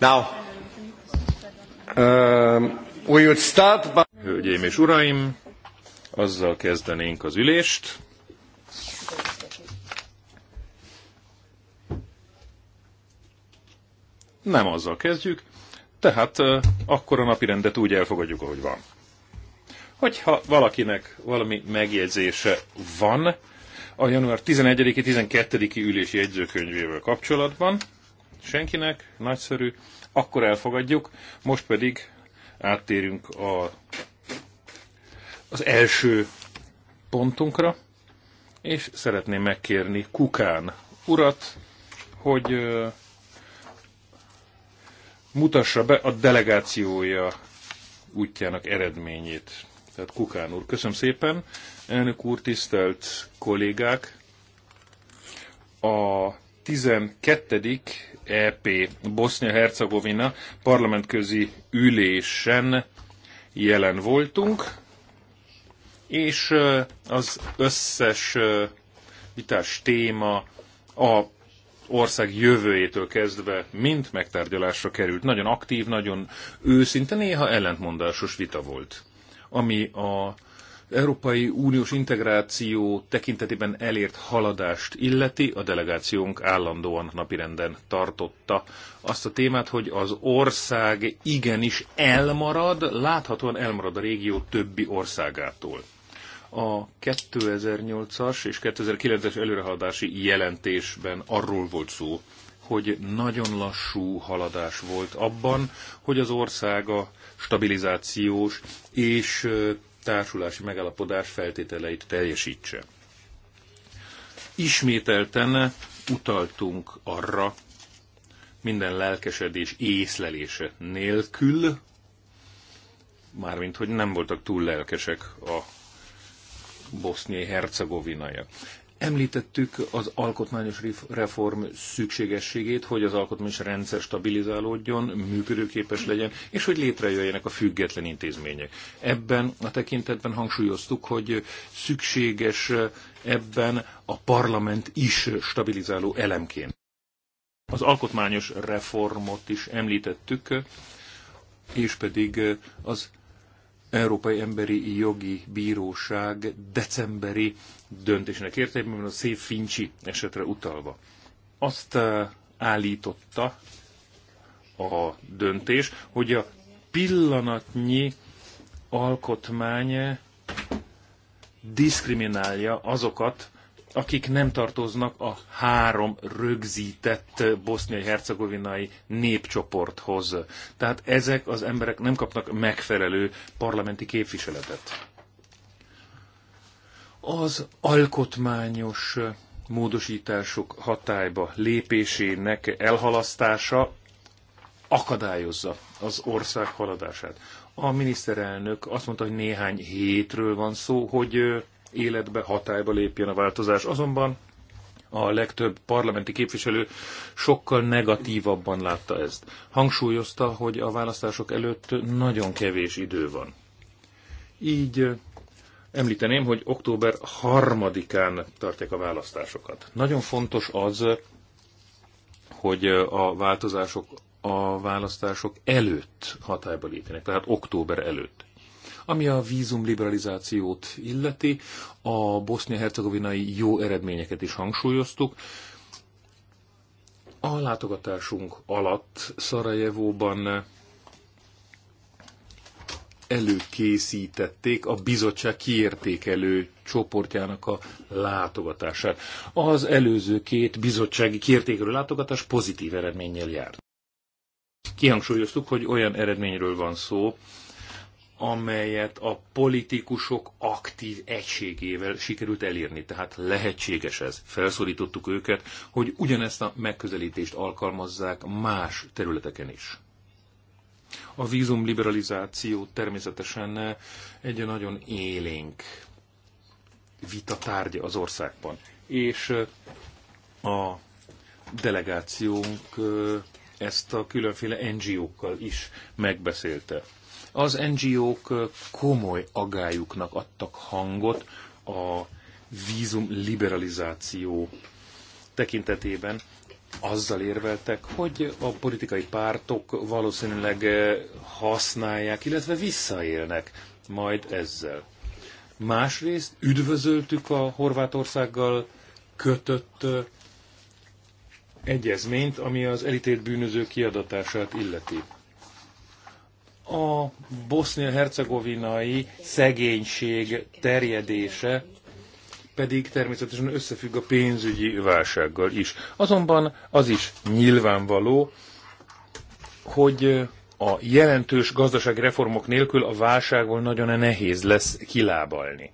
Now, um, we would start by... Hölgyeim és uraim, azzal kezdenénk az ülést. Nem azzal kezdjük, tehát uh, akkor a napi rendet úgy elfogadjuk, ahogy van. Hogyha valakinek valami megjegyzése van a január 11-i, 12-i ülési jegyzőkönyvével kapcsolatban, senkinek, nagyszerű, akkor elfogadjuk, most pedig áttérünk a, az első pontunkra, és szeretném megkérni Kukán urat, hogy mutassa be a delegációja útjának eredményét. Tehát Kukán úr, köszönöm szépen. Elnök úr, tisztelt kollégák! A 12. EP Bosznia-Hercegovina parlamentközi ülésen jelen voltunk, és az összes vitás téma a ország jövőjétől kezdve mind megtárgyalásra került. Nagyon aktív, nagyon őszinte, néha ellentmondásos vita volt, ami a Európai Uniós integráció tekintetében elért haladást illeti, a delegációnk állandóan napirenden tartotta azt a témát, hogy az ország igenis elmarad, láthatóan elmarad a régió többi országától. A 2008-as és 2009-es előrehaladási jelentésben arról volt szó, hogy nagyon lassú haladás volt abban, hogy az ország a stabilizációs és társulási megállapodás feltételeit teljesítse. Ismételten utaltunk arra, minden lelkesedés észlelése nélkül, mármint hogy nem voltak túl lelkesek a boszniai hercegovinaiak. Említettük az alkotmányos reform szükségességét, hogy az alkotmányos rendszer stabilizálódjon, működőképes legyen, és hogy létrejöjjenek a független intézmények. Ebben a tekintetben hangsúlyoztuk, hogy szükséges ebben a parlament is stabilizáló elemként. Az alkotmányos reformot is említettük, és pedig az Európai Emberi Jogi Bíróság decemberi döntésének értelmében a Szép Fincsi esetre utalva. Azt eh, állította a döntés, hogy a pillanatnyi alkotmány diszkriminálja azokat, akik nem tartoznak a három rögzített boszniai-hercegovinai népcsoporthoz. Tehát ezek az emberek nem kapnak megfelelő parlamenti képviseletet. Az alkotmányos módosítások hatályba lépésének elhalasztása akadályozza az ország haladását. A miniszterelnök azt mondta, hogy néhány hétről van szó, hogy életbe, hatályba lépjen a változás. Azonban a legtöbb parlamenti képviselő sokkal negatívabban látta ezt. Hangsúlyozta, hogy a választások előtt nagyon kevés idő van. Így említeném, hogy október harmadikán tartják a választásokat. Nagyon fontos az, hogy a változások a választások előtt hatályba lépjenek, tehát október előtt. Ami a vízum liberalizációt illeti, a bosznia-hercegovinai jó eredményeket is hangsúlyoztuk. A látogatásunk alatt Szarajevóban előkészítették a bizottság kiértékelő csoportjának a látogatását. Az előző két bizottsági kiértékelő látogatás pozitív eredménnyel járt. Kihangsúlyoztuk, hogy olyan eredményről van szó, amelyet a politikusok aktív egységével sikerült elérni. Tehát lehetséges ez. Felszólítottuk őket, hogy ugyanezt a megközelítést alkalmazzák más területeken is. A vízum liberalizáció természetesen egy nagyon élénk vita tárgya az országban. És a delegációnk ezt a különféle NGO-kkal is megbeszélte. Az NGO-k komoly agályuknak adtak hangot a vízum liberalizáció tekintetében, azzal érveltek, hogy a politikai pártok valószínűleg használják, illetve visszaélnek majd ezzel. Másrészt üdvözöltük a Horvátországgal kötött egyezményt, ami az elítélt bűnöző kiadatását illeti. A bosznia-hercegovinai szegénység terjedése pedig természetesen összefügg a pénzügyi válsággal is. Azonban az is nyilvánvaló, hogy a jelentős gazdasági reformok nélkül a válságból nagyon nehéz lesz kilábalni.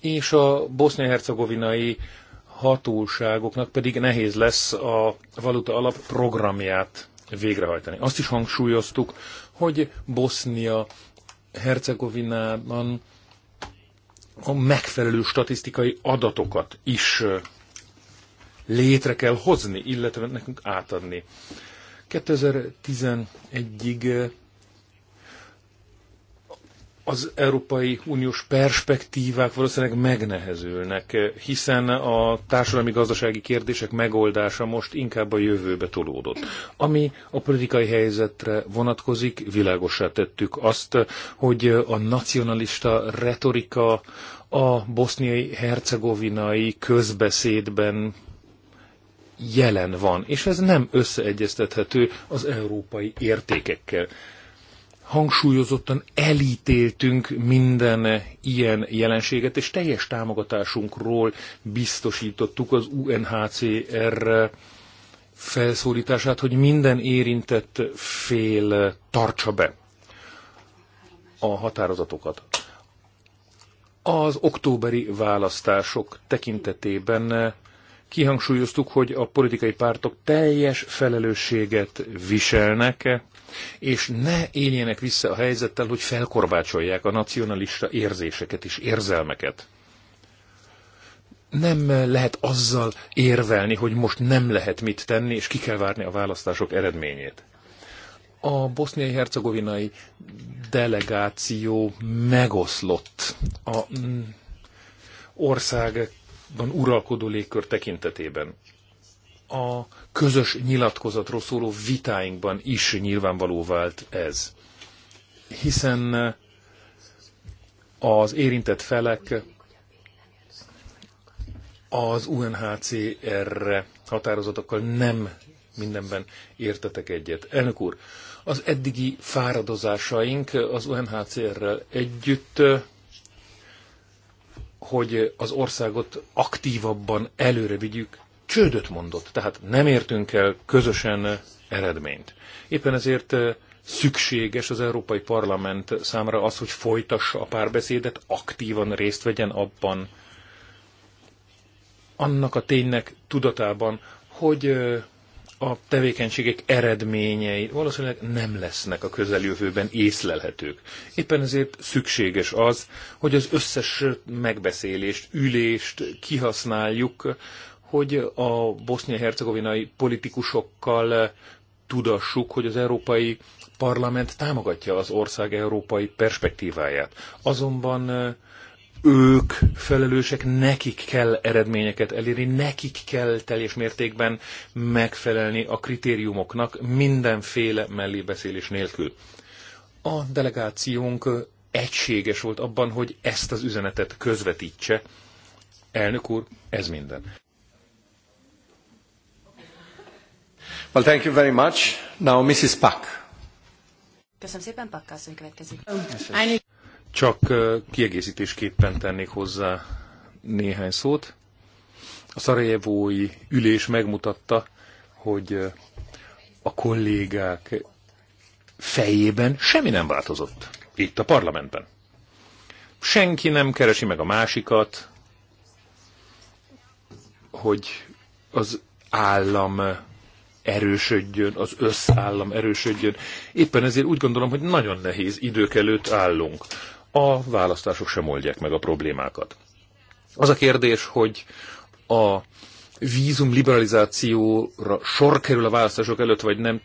És a bosznia-hercegovinai hatóságoknak pedig nehéz lesz a valuta alap programját végrehajtani. Azt is hangsúlyoztuk, hogy Bosznia Hercegovinában a megfelelő statisztikai adatokat is létre kell hozni, illetve nekünk átadni. 2011-ig az Európai Uniós perspektívák valószínűleg megnehezülnek, hiszen a társadalmi-gazdasági kérdések megoldása most inkább a jövőbe tolódott. Ami a politikai helyzetre vonatkozik, világosá tettük azt, hogy a nacionalista retorika a boszniai-hercegovinai közbeszédben jelen van, és ez nem összeegyeztethető az európai értékekkel hangsúlyozottan elítéltünk minden ilyen jelenséget, és teljes támogatásunkról biztosítottuk az UNHCR felszólítását, hogy minden érintett fél tartsa be a határozatokat. Az októberi választások tekintetében kihangsúlyoztuk, hogy a politikai pártok teljes felelősséget viselnek és ne éljenek vissza a helyzettel, hogy felkorbácsolják a nacionalista érzéseket és érzelmeket. Nem lehet azzal érvelni, hogy most nem lehet mit tenni, és ki kell várni a választások eredményét. A boszniai hercegovinai delegáció megoszlott a mm, országban uralkodó légkör tekintetében a közös nyilatkozatról szóló vitáinkban is nyilvánvaló vált ez. Hiszen az érintett felek az UNHCR határozatokkal nem mindenben értetek egyet. Elnök úr, az eddigi fáradozásaink az UNHCR-rel együtt, hogy az országot aktívabban előre vigyük, csődöt mondott, tehát nem értünk el közösen eredményt. Éppen ezért eh, szükséges az Európai Parlament számára az, hogy folytassa a párbeszédet, aktívan részt vegyen abban, annak a ténynek tudatában, hogy eh, a tevékenységek eredményei valószínűleg nem lesznek a közeljövőben észlelhetők. Éppen ezért szükséges az, hogy az összes megbeszélést, ülést kihasználjuk hogy a bosznia-hercegovinai politikusokkal eh, tudassuk, hogy az Európai Parlament támogatja az ország európai perspektíváját. Azonban eh, ők felelősek, nekik kell eredményeket elérni, nekik kell teljes mértékben megfelelni a kritériumoknak mindenféle mellébeszélés nélkül. A delegációnk eh, egységes volt abban, hogy ezt az üzenetet közvetítse. Elnök úr, ez minden. Well, thank you very much. Now, Mrs. Pak. Köszönöm szépen, Pak, asszony következik. Csak kiegészítésképpen tennék hozzá néhány szót. A szarajevói ülés megmutatta, hogy a kollégák fejében semmi nem változott. Itt a parlamentben. Senki nem keresi meg a másikat, hogy az állam erősödjön, az összállam erősödjön. Éppen ezért úgy gondolom, hogy nagyon nehéz idők előtt állunk. A választások sem oldják meg a problémákat. Az a kérdés, hogy a vízum liberalizációra sor kerül a választások előtt, vagy nem,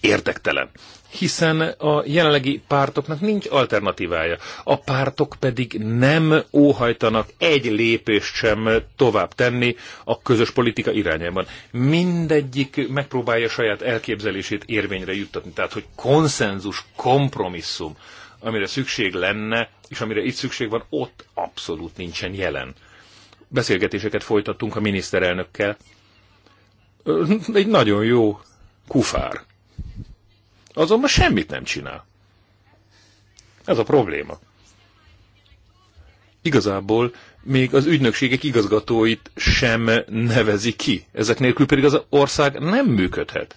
érdektelen. Hiszen a jelenlegi pártoknak nincs alternatívája. A pártok pedig nem óhajtanak egy lépést sem tovább tenni a közös politika irányában. Mindegyik megpróbálja saját elképzelését érvényre juttatni. Tehát, hogy konszenzus, kompromisszum, amire szükség lenne, és amire itt szükség van, ott abszolút nincsen jelen. Beszélgetéseket folytattunk a miniszterelnökkel. Egy nagyon jó kufár. Azonban semmit nem csinál. Ez a probléma. Igazából még az ügynökségek igazgatóit sem nevezi ki. Ezek nélkül pedig az ország nem működhet.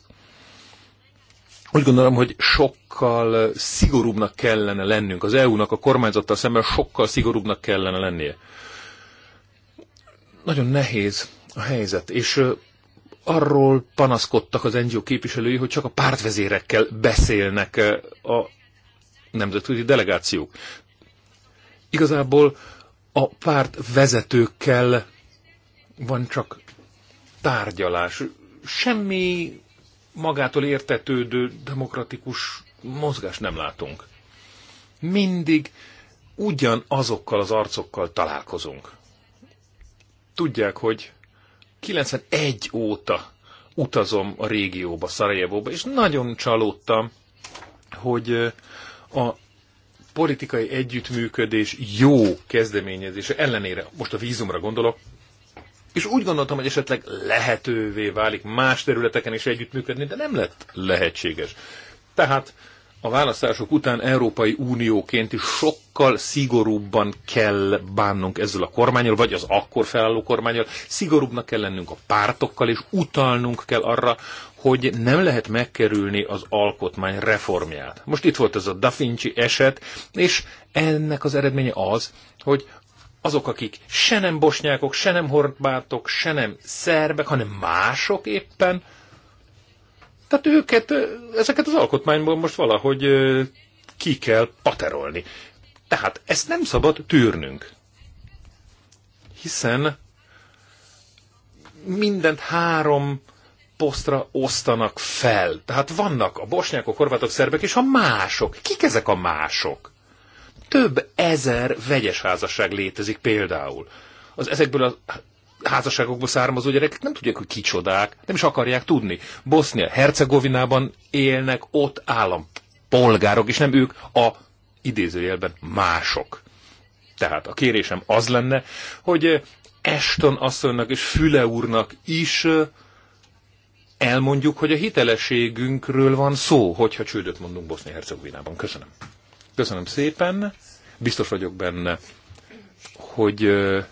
Úgy gondolom, hogy sokkal szigorúbbnak kellene lennünk. Az EU-nak a kormányzattal szemben sokkal szigorúbbnak kellene lennie. Nagyon nehéz a helyzet, és arról panaszkodtak az NGO képviselői, hogy csak a pártvezérekkel beszélnek eh, a nemzetközi delegációk. Igazából a párt vezetőkkel van csak tárgyalás. Semmi magától értetődő demokratikus mozgás nem látunk. Mindig ugyanazokkal az arcokkal találkozunk. Tudják, hogy 91 óta utazom a régióba, Szarajevóba, és nagyon csalódtam, hogy a politikai együttműködés jó kezdeményezése ellenére, most a vízumra gondolok, és úgy gondoltam, hogy esetleg lehetővé válik más területeken is együttműködni, de nem lett lehetséges. Tehát a választások után Európai Unióként is sokkal szigorúbban kell bánnunk ezzel a kormányjal, vagy az akkor felálló kormányjal. Szigorúbbnak kell lennünk a pártokkal, és utalnunk kell arra, hogy nem lehet megkerülni az alkotmány reformját. Most itt volt ez a Da Vinci eset, és ennek az eredménye az, hogy azok, akik se nem bosnyákok, se nem horbátok, se nem szerbek, hanem mások éppen, tehát őket, ezeket az alkotmányból most valahogy ki kell paterolni. Tehát ezt nem szabad tűrnünk. Hiszen mindent három posztra osztanak fel. Tehát vannak a bosnyákok, horvátok, szerbek és a mások. Kik ezek a mások? Több ezer vegyes házasság létezik például. Az ezekből a házasságokból származó gyerekek nem tudják, hogy kicsodák, nem is akarják tudni. Bosznia, Hercegovinában élnek ott állampolgárok, és nem ők a idézőjelben mások. Tehát a kérésem az lenne, hogy Eston eh, asszonynak és Füle úrnak is eh, elmondjuk, hogy a hitelességünkről van szó, hogyha csődöt mondunk Bosznia-Hercegovinában. Köszönöm. Köszönöm szépen. Biztos vagyok benne, hogy eh,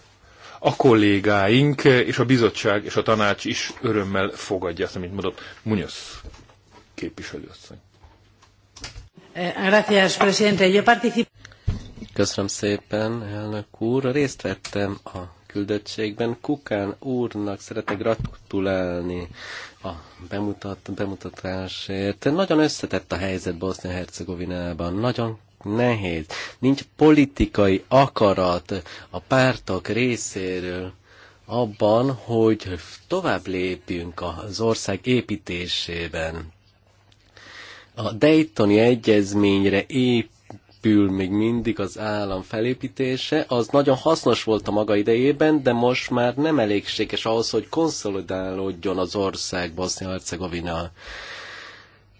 a kollégáink és a bizottság és a tanács is örömmel fogadja azt, amit mondott Munoz képviselőasszony. Gracias, Köszönöm szépen, elnök úr. Részt vettem a küldöttségben. Kukán úrnak szeretnék gratulálni a bemutat, bemutatásért. Nagyon összetett a helyzet Bosznia-Hercegovinában. Nagyon nehéz. Nincs politikai akarat a pártok részéről abban, hogy tovább lépjünk az ország építésében. A Daytoni egyezményre épül még mindig az állam felépítése, az nagyon hasznos volt a maga idejében, de most már nem elégséges ahhoz, hogy konszolidálódjon az ország Bosznia-Hercegovina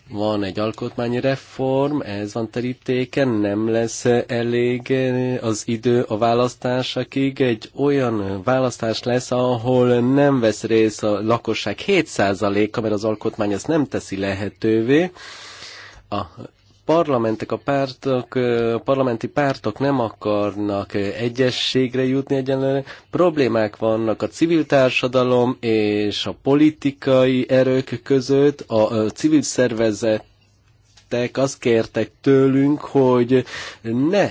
van egy alkotmányi reform, ez van terítéken, nem lesz elég az idő a választásakig. Egy olyan választás lesz, ahol nem vesz részt a lakosság 7%-a, mert az alkotmány ezt nem teszi lehetővé. A parlamentek, a pártok, a parlamenti pártok nem akarnak egyességre jutni egyenlően. Problémák vannak a civil társadalom és a politikai erők között, a civil szervezet azt kértek tőlünk, hogy ne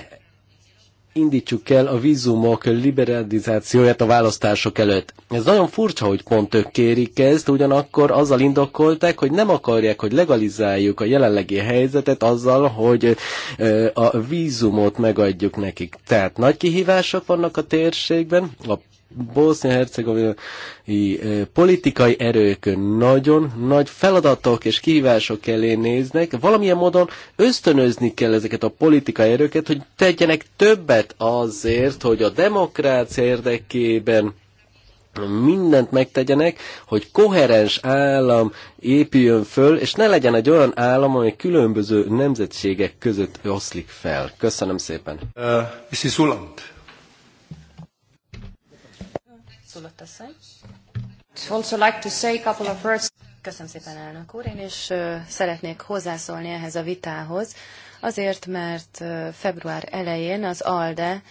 indítsuk el a vízumok liberalizációját a választások előtt. Ez nagyon furcsa, hogy pont ők kérik ezt, ugyanakkor azzal indokolták, hogy nem akarják, hogy legalizáljuk a jelenlegi helyzetet azzal, hogy a vízumot megadjuk nekik. Tehát nagy kihívások vannak a térségben, a bosznia-hercegovinai e, politikai erők nagyon nagy feladatok és kihívások elé néznek. Valamilyen módon ösztönözni kell ezeket a politikai erőket, hogy tegyenek többet azért, hogy a demokrácia érdekében mindent megtegyenek, hogy koherens állam épüljön föl, és ne legyen egy olyan állam, amely különböző nemzetségek között oszlik fel. Köszönöm szépen. Uh, Mrs. Urszula a Also like to say couple of words. Köszönöm szépen, elnök úr. Én is szeretnék hozzászólni ehhez a vitához, azért, mert február elején az ALDE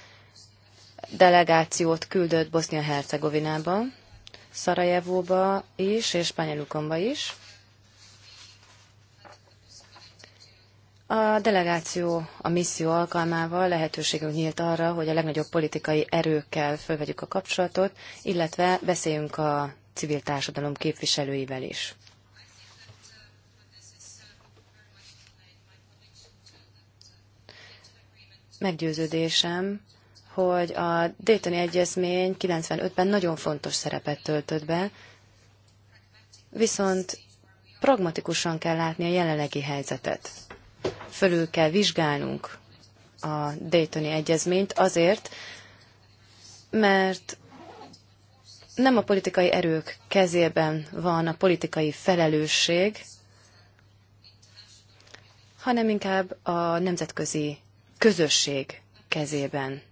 delegációt küldött Bosznia-Hercegovinába, Szarajevóba is, és Spanyolukomba is. A delegáció a misszió alkalmával lehetőségünk nyílt arra, hogy a legnagyobb politikai erőkkel fölvegyük a kapcsolatot, illetve beszéljünk a civil társadalom képviselőivel is. Meggyőződésem, hogy a Daytoni Egyezmény 95-ben nagyon fontos szerepet töltött be, viszont pragmatikusan kell látni a jelenlegi helyzetet fölül kell vizsgálnunk a Daytoni egyezményt azért, mert nem a politikai erők kezében van a politikai felelősség, hanem inkább a nemzetközi közösség kezében.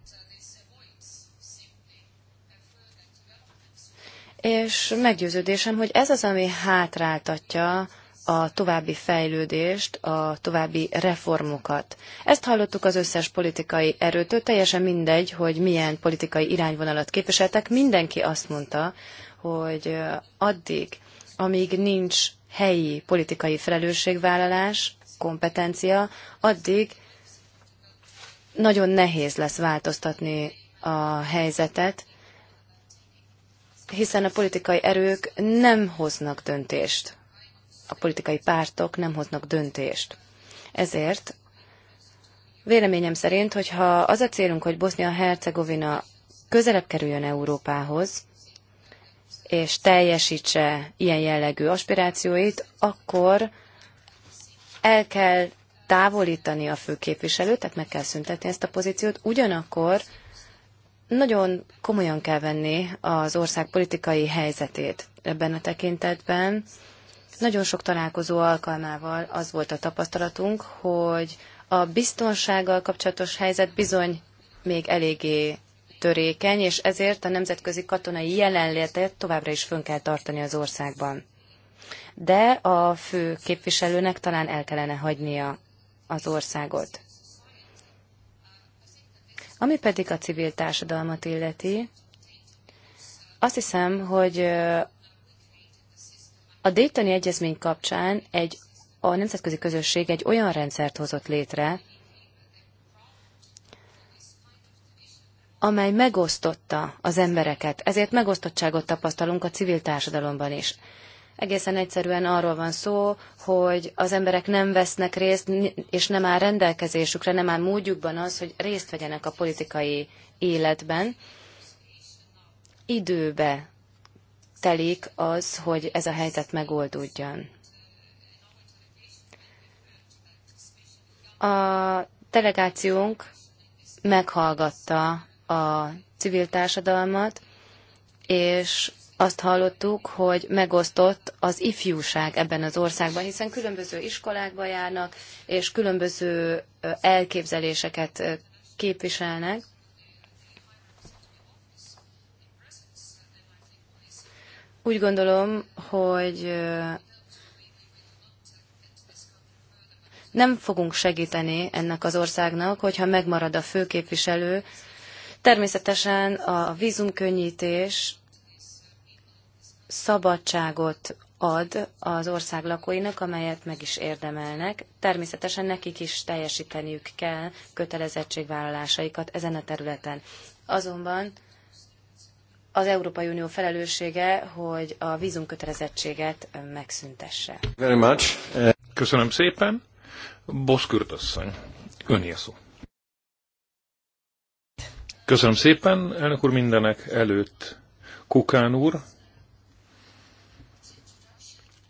És meggyőződésem, hogy ez az, ami hátráltatja a további fejlődést, a további reformokat. Ezt hallottuk az összes politikai erőtől, teljesen mindegy, hogy milyen politikai irányvonalat képviseltek. Mindenki azt mondta, hogy addig, amíg nincs helyi politikai felelősségvállalás, kompetencia, addig nagyon nehéz lesz változtatni a helyzetet, hiszen a politikai erők nem hoznak döntést a politikai pártok nem hoznak döntést. Ezért véleményem szerint, hogyha az a célunk, hogy Bosznia-Hercegovina közelebb kerüljön Európához, és teljesítse ilyen jellegű aspirációit, akkor el kell távolítani a főképviselőt, tehát meg kell szüntetni ezt a pozíciót, ugyanakkor nagyon komolyan kell venni az ország politikai helyzetét ebben a tekintetben. Nagyon sok találkozó alkalmával az volt a tapasztalatunk, hogy a biztonsággal kapcsolatos helyzet bizony még eléggé törékeny, és ezért a nemzetközi katonai jelenlétet továbbra is fönn kell tartani az országban. De a fő képviselőnek talán el kellene hagynia az országot. Ami pedig a civil társadalmat illeti, azt hiszem, hogy a Daytoni Egyezmény kapcsán egy, a nemzetközi közösség egy olyan rendszert hozott létre, amely megosztotta az embereket, ezért megosztottságot tapasztalunk a civil társadalomban is. Egészen egyszerűen arról van szó, hogy az emberek nem vesznek részt, és nem áll rendelkezésükre, nem áll módjukban az, hogy részt vegyenek a politikai életben. Időbe telik az, hogy ez a helyzet megoldódjon. A delegációnk meghallgatta a civil társadalmat, és azt hallottuk, hogy megosztott az ifjúság ebben az országban, hiszen különböző iskolákba járnak, és különböző elképzeléseket képviselnek. Úgy gondolom, hogy nem fogunk segíteni ennek az országnak, hogyha megmarad a főképviselő. Természetesen a vízumkönnyítés szabadságot ad az ország lakóinak, amelyet meg is érdemelnek. Természetesen nekik is teljesíteniük kell kötelezettségvállalásaikat ezen a területen. Azonban az Európai Unió felelőssége, hogy a vízumkötelezettséget megszüntesse. Very much. Köszönöm szépen. Boszkürt asszony, öné a szó. Köszönöm szépen, elnök úr, mindenek előtt Kukán úr.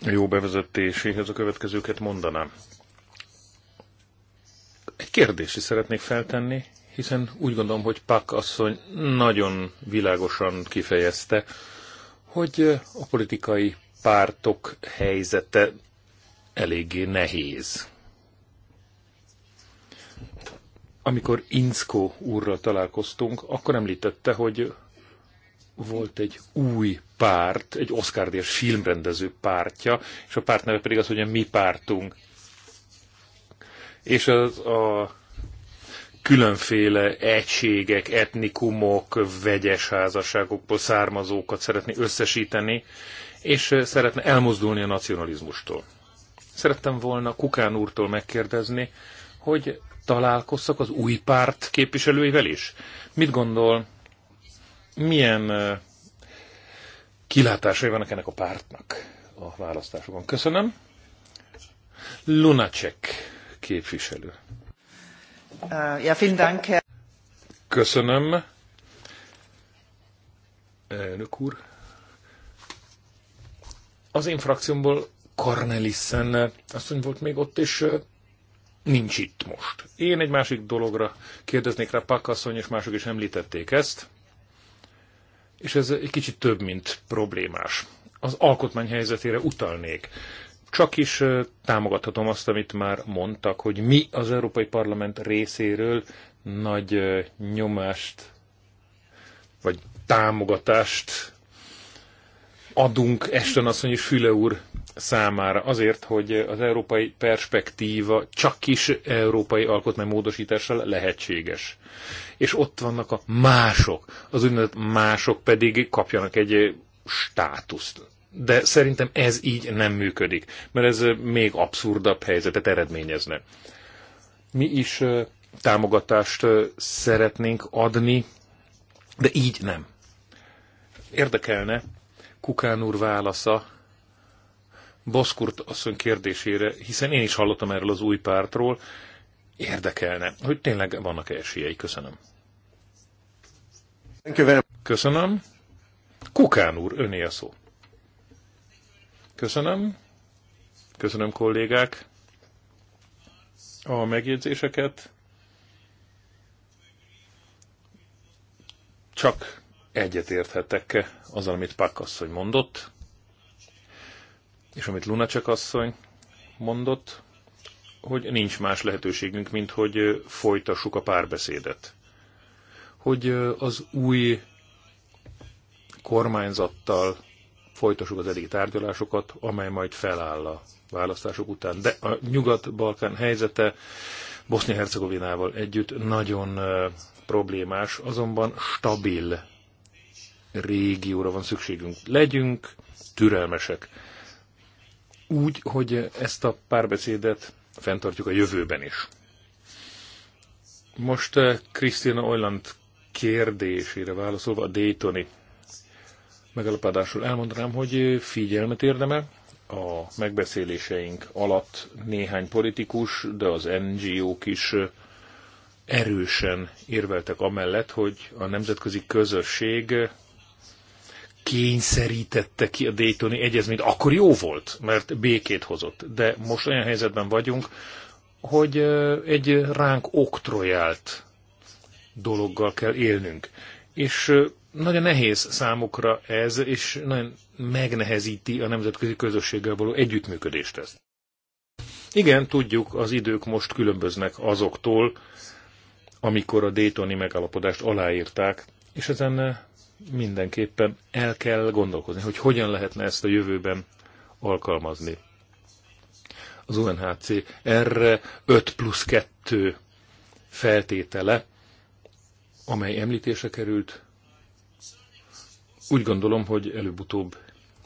Jó bevezetéséhez a következőket mondanám. Egy kérdést is szeretnék feltenni, hiszen úgy gondolom, hogy Pak asszony nagyon világosan kifejezte, hogy a politikai pártok helyzete eléggé nehéz. Amikor Inszko úrral találkoztunk, akkor említette, hogy volt egy új párt, egy Oscar díjas filmrendező pártja, és a párt neve pedig az, hogy a mi pártunk. És az a különféle egységek, etnikumok, vegyes házasságokból származókat szeretné összesíteni, és eh, szeretne elmozdulni a nacionalizmustól. Szerettem volna Kukán úrtól megkérdezni, hogy találkozzak az új párt képviselőivel is. Mit gondol, milyen eh, kilátásai vannak ennek a pártnak a választásokon? Köszönöm. Lunacek képviselő. Ja, vielen Dank. Köszönöm. Elnök úr. Az én frakciómból Cornelissen asszony volt még ott, és nincs itt most. Én egy másik dologra kérdeznék rá, Pak asszony, és mások is említették ezt, és ez egy kicsit több, mint problémás. Az alkotmány helyzetére utalnék csak is támogathatom azt, amit már mondtak, hogy mi az Európai Parlament részéről nagy nyomást vagy támogatást adunk Esten asszony és Füle úr számára azért, hogy az európai perspektíva csak is európai módosítással lehetséges. És ott vannak a mások, az úgynevezett mások pedig kapjanak egy státuszt de szerintem ez így nem működik, mert ez még abszurdabb helyzetet eredményezne. Mi is támogatást szeretnénk adni, de így nem. Érdekelne Kukán úr válasza Boszkurt asszony kérdésére, hiszen én is hallottam erről az új pártról, érdekelne, hogy tényleg vannak-e esélyei. Köszönöm. Köszönöm. Kukán úr, öné a szó. Köszönöm. Köszönöm kollégák a megjegyzéseket. Csak egyetérthetek azzal, amit Pak asszony mondott, és amit csak asszony mondott, hogy nincs más lehetőségünk, mint hogy folytassuk a párbeszédet. Hogy az új kormányzattal folytassuk az eddigi tárgyalásokat, amely majd feláll a választások után. De a Nyugat-Balkán helyzete Bosznia-Hercegovinával együtt nagyon problémás, azonban stabil régióra van szükségünk. Legyünk türelmesek. Úgy, hogy ezt a párbeszédet fenntartjuk a jövőben is. Most Krisztina Olland kérdésére válaszolva a Daytoni megalapadásul elmondanám, hogy figyelmet érdemel. A megbeszéléseink alatt néhány politikus, de az NGO-k is erősen érveltek amellett, hogy a nemzetközi közösség kényszerítette ki a Daytoni egyezményt, akkor jó volt, mert békét hozott. De most olyan helyzetben vagyunk, hogy egy ránk oktrojált dologgal kell élnünk. És nagyon nehéz számukra ez, és nagyon megnehezíti a nemzetközi közösséggel való együttműködést ezt. Igen, tudjuk, az idők most különböznek azoktól, amikor a Daytoni megállapodást aláírták, és ezen mindenképpen el kell gondolkozni, hogy hogyan lehetne ezt a jövőben alkalmazni. Az UNHC erre 5 plusz 2 feltétele, amely említése került, úgy gondolom, hogy előbb-utóbb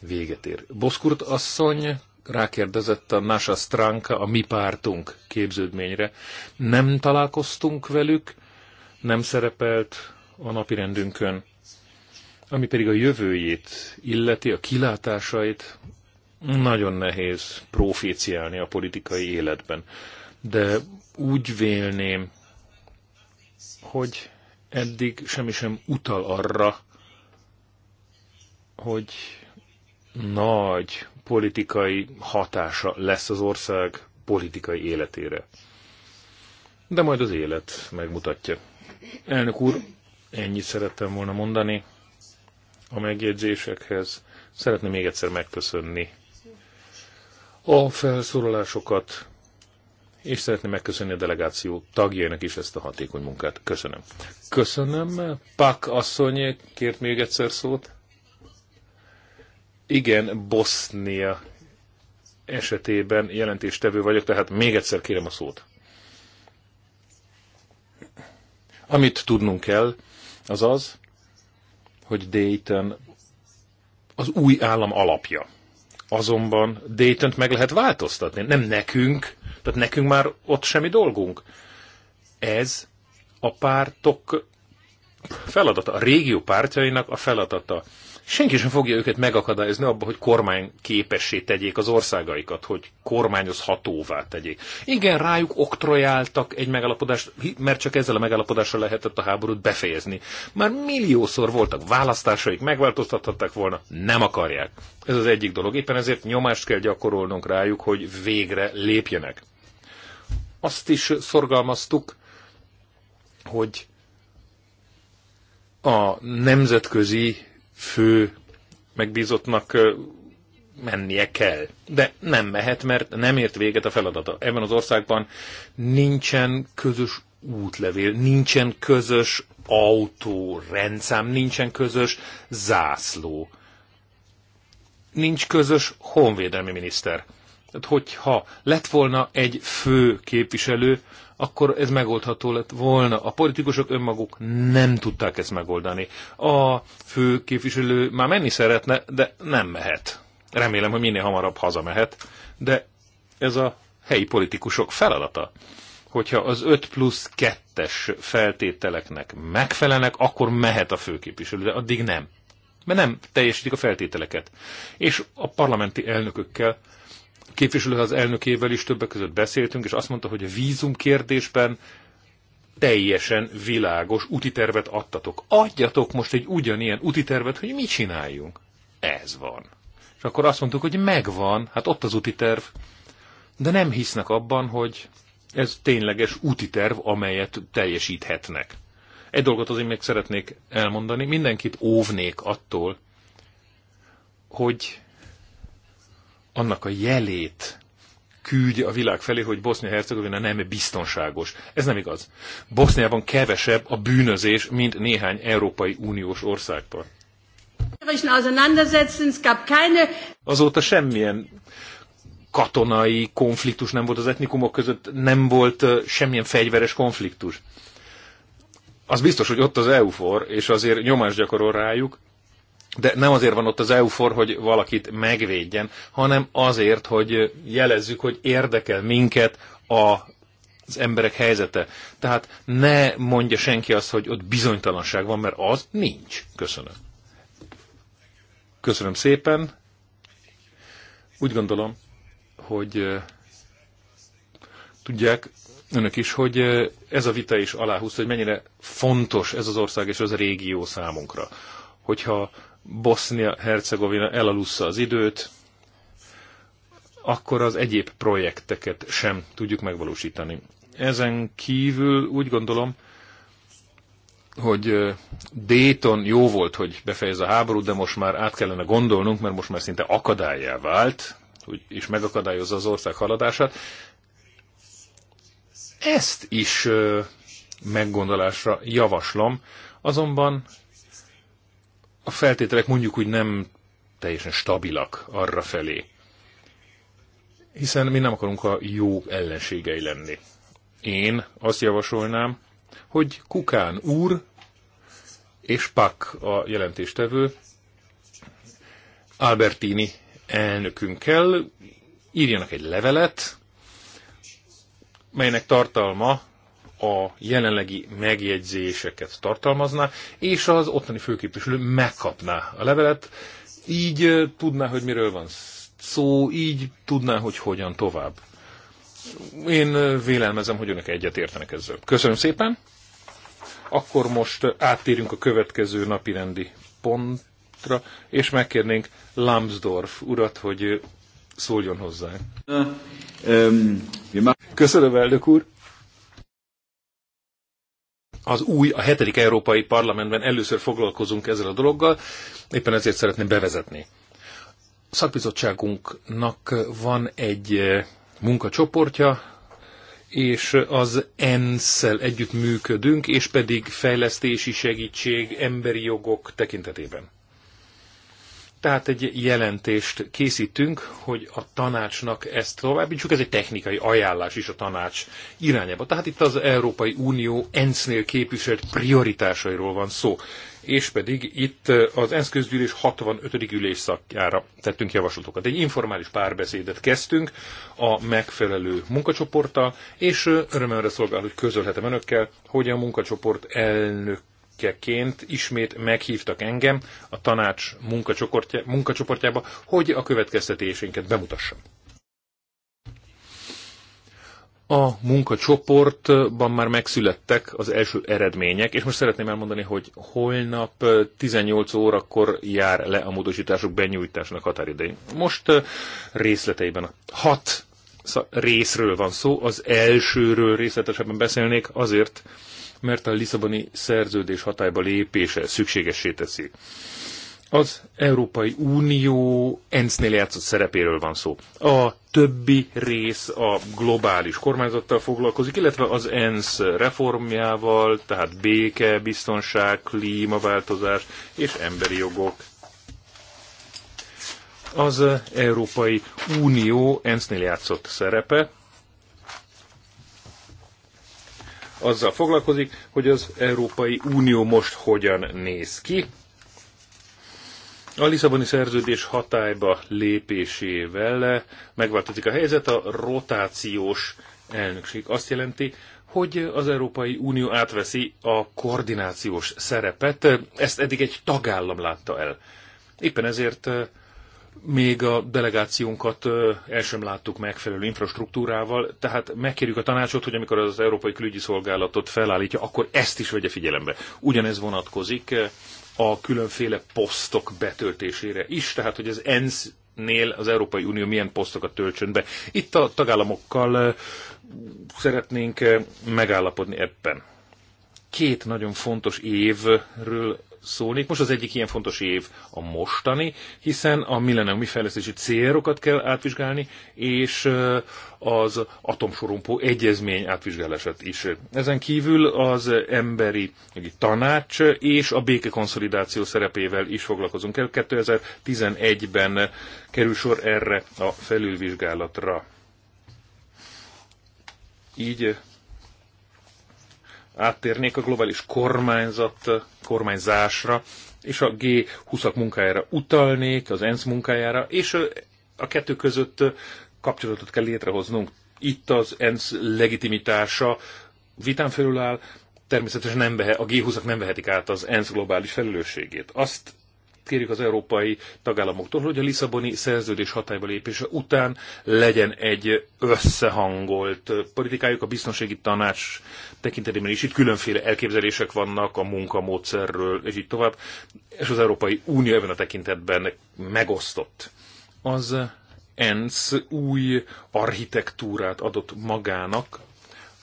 véget ér. Boszkurt asszony rákérdezett a Nasa Stranka, a mi pártunk képződményre. Nem találkoztunk velük, nem szerepelt a napirendünkön. Ami pedig a jövőjét illeti, a kilátásait, nagyon nehéz proféciálni a politikai életben. De úgy vélném, hogy eddig semmi sem utal arra, hogy nagy politikai hatása lesz az ország politikai életére. De majd az élet megmutatja. Elnök úr, ennyit szerettem volna mondani a megjegyzésekhez. Szeretném még egyszer megköszönni a felszólalásokat, és szeretném megköszönni a delegáció tagjainak is ezt a hatékony munkát. Köszönöm. Köszönöm. Pak asszony kért még egyszer szót. Igen, Bosznia esetében jelentéstevő vagyok, tehát még egyszer kérem a szót. Amit tudnunk kell, az az, hogy Dayton az új állam alapja. Azonban Daytont meg lehet változtatni. Nem nekünk, tehát nekünk már ott semmi dolgunk. Ez a pártok feladata, a régió pártjainak a feladata senki sem fogja őket megakadályozni abban, hogy kormány képessé tegyék az országaikat, hogy kormányozhatóvá tegyék. Igen, rájuk oktrojáltak egy megalapodást, mert csak ezzel a megalapodással lehetett a háborút befejezni. Már milliószor voltak választásaik, megváltoztathatták volna, nem akarják. Ez az egyik dolog. Éppen ezért nyomást kell gyakorolnunk rájuk, hogy végre lépjenek. Azt is szorgalmaztuk, hogy a nemzetközi fő megbízottnak mennie kell. De nem mehet, mert nem ért véget a feladata. Ebben az országban nincsen közös útlevél, nincsen közös autórendszám, nincsen közös zászló. Nincs közös honvédelmi miniszter. Tehát hogyha lett volna egy fő képviselő, akkor ez megoldható lett volna. A politikusok önmaguk nem tudták ezt megoldani. A fő képviselő már menni szeretne, de nem mehet. Remélem, hogy minél hamarabb hazamehet, de ez a helyi politikusok feladata. Hogyha az 5 plusz 2-es feltételeknek megfelelnek, akkor mehet a főképviselő, de addig nem. Mert nem teljesítik a feltételeket. És a parlamenti elnökökkel képviselőház elnökével is többek között beszéltünk, és azt mondta, hogy a vízum kérdésben teljesen világos útitervet adtatok. Adjatok most egy ugyanilyen útitervet, hogy mit csináljunk. Ez van. És akkor azt mondtuk, hogy megvan, hát ott az útiterv, de nem hisznek abban, hogy ez tényleges útiterv, amelyet teljesíthetnek. Egy dolgot azért még szeretnék elmondani, mindenkit óvnék attól, hogy annak a jelét küldje a világ felé, hogy Bosznia-Hercegovina nem biztonságos. Ez nem igaz. Boszniában kevesebb a bűnözés, mint néhány Európai Uniós országban. Azóta semmilyen katonai konfliktus nem volt az etnikumok között, nem volt semmilyen fegyveres konfliktus. Az biztos, hogy ott az EUFOR, és azért nyomás gyakorol rájuk, de nem azért van ott az EUFOR, hogy valakit megvédjen, hanem azért, hogy jelezzük, hogy érdekel minket a az emberek helyzete. Tehát ne mondja senki azt, hogy ott bizonytalanság van, mert az nincs. Köszönöm. Köszönöm szépen. Úgy gondolom, hogy tudják önök is, hogy ez a vita is aláhúz, hogy mennyire fontos ez az ország és az a régió számunkra. Hogyha Bosznia-Hercegovina elalussza az időt, akkor az egyéb projekteket sem tudjuk megvalósítani. Ezen kívül úgy gondolom, hogy Dayton jó volt, hogy befejez a háborút, de most már át kellene gondolnunk, mert most már szinte akadályá vált, és megakadályozza az ország haladását. Ezt is meggondolásra javaslom, azonban a feltételek mondjuk úgy nem teljesen stabilak arra felé. Hiszen mi nem akarunk a jó ellenségei lenni. Én azt javasolnám, hogy Kukán úr és Pak a jelentéstevő Albertini elnökünkkel írjanak egy levelet, melynek tartalma a jelenlegi megjegyzéseket tartalmazná, és az ottani főképviselő megkapná a levelet, így tudná, hogy miről van szó, így tudná, hogy hogyan tovább. Én vélelmezem, hogy önök egyet értenek ezzel. Köszönöm szépen! Akkor most áttérünk a következő napi rendi pontra, és megkérnénk Lambsdorff urat, hogy szóljon hozzá. Köszönöm, elnök úr! az új, a hetedik Európai Parlamentben először foglalkozunk ezzel a dologgal, éppen ezért szeretném bevezetni. A szakbizottságunknak van egy eh, munkacsoportja, és az ENSZ-szel együttműködünk, és pedig fejlesztési segítség emberi jogok tekintetében. Tehát egy jelentést készítünk, hogy a tanácsnak ezt továbbítsuk, ez egy technikai ajánlás is a tanács irányába. Tehát itt az Európai Unió ENSZ-nél képviselt prioritásairól van szó, és pedig itt az ENSZ közgyűlés 65. ülésszakjára tettünk javaslatokat. Egy informális párbeszédet kezdtünk a megfelelő munkacsoporttal, és örömömre szolgál, hogy közölhetem önökkel, hogy a munkacsoport elnök elnökeként ismét meghívtak engem a tanács munkacsoportja, munkacsoportjába, hogy a következtetésénket bemutassam. A munkacsoportban már megszülettek az első eredmények, és most szeretném elmondani, hogy holnap 18 órakor jár le a módosítások benyújtásnak határidei. Most részleteiben hat részről van szó, az elsőről részletesebben beszélnék azért, mert a Lisszaboni szerződés hatályba lépése szükségessé teszi. Az Európai Unió ENSZ-nél játszott szerepéről van szó. A többi rész a globális kormányzattal foglalkozik, illetve az ENSZ reformjával, tehát béke, biztonság, klímaváltozás és emberi jogok. Az Európai Unió ENSZ-nél játszott szerepe azzal foglalkozik, hogy az Európai Unió most hogyan néz ki. A Lisszaboni szerződés hatályba lépésével megváltozik a helyzet, a rotációs elnökség azt jelenti, hogy az Európai Unió átveszi a koordinációs szerepet, ezt eddig egy tagállam látta el. Éppen ezért még a delegációnkat el sem láttuk megfelelő infrastruktúrával, tehát megkérjük a tanácsot, hogy amikor az Európai Külügyi Szolgálatot felállítja, akkor ezt is vegye figyelembe. Ugyanez vonatkozik a különféle posztok betöltésére is, tehát hogy az ENSZ nél az Európai Unió milyen posztokat töltsön be. Itt a tagállamokkal szeretnénk megállapodni ebben. Két nagyon fontos évről szólnék. Most az egyik ilyen fontos év a mostani, hiszen a millenniumi fejlesztési célokat kell átvizsgálni, és az atomsorompó egyezmény átvizsgálását is. Ezen kívül az emberi tanács és a békekonszolidáció szerepével is foglalkozunk el. 2011-ben kerül sor erre a felülvizsgálatra. Így áttérnék a globális kormányzat, kormányzásra, és a G20-ak munkájára utalnék, az ENSZ munkájára, és a kettő között kapcsolatot kell létrehoznunk. Itt az ENSZ legitimitása vitán felül áll, természetesen nem vehet a G20-ak nem vehetik át az ENSZ globális felelősségét. Azt kérjük az európai tagállamoktól, hogy a Lisszaboni szerződés hatályba lépése után legyen egy összehangolt politikájuk a biztonsági tanács tekintetében is. Itt különféle elképzelések vannak a munkamódszerről, és így tovább. És az Európai Unió ebben a tekintetben megosztott. Az ENSZ új architektúrát adott magának,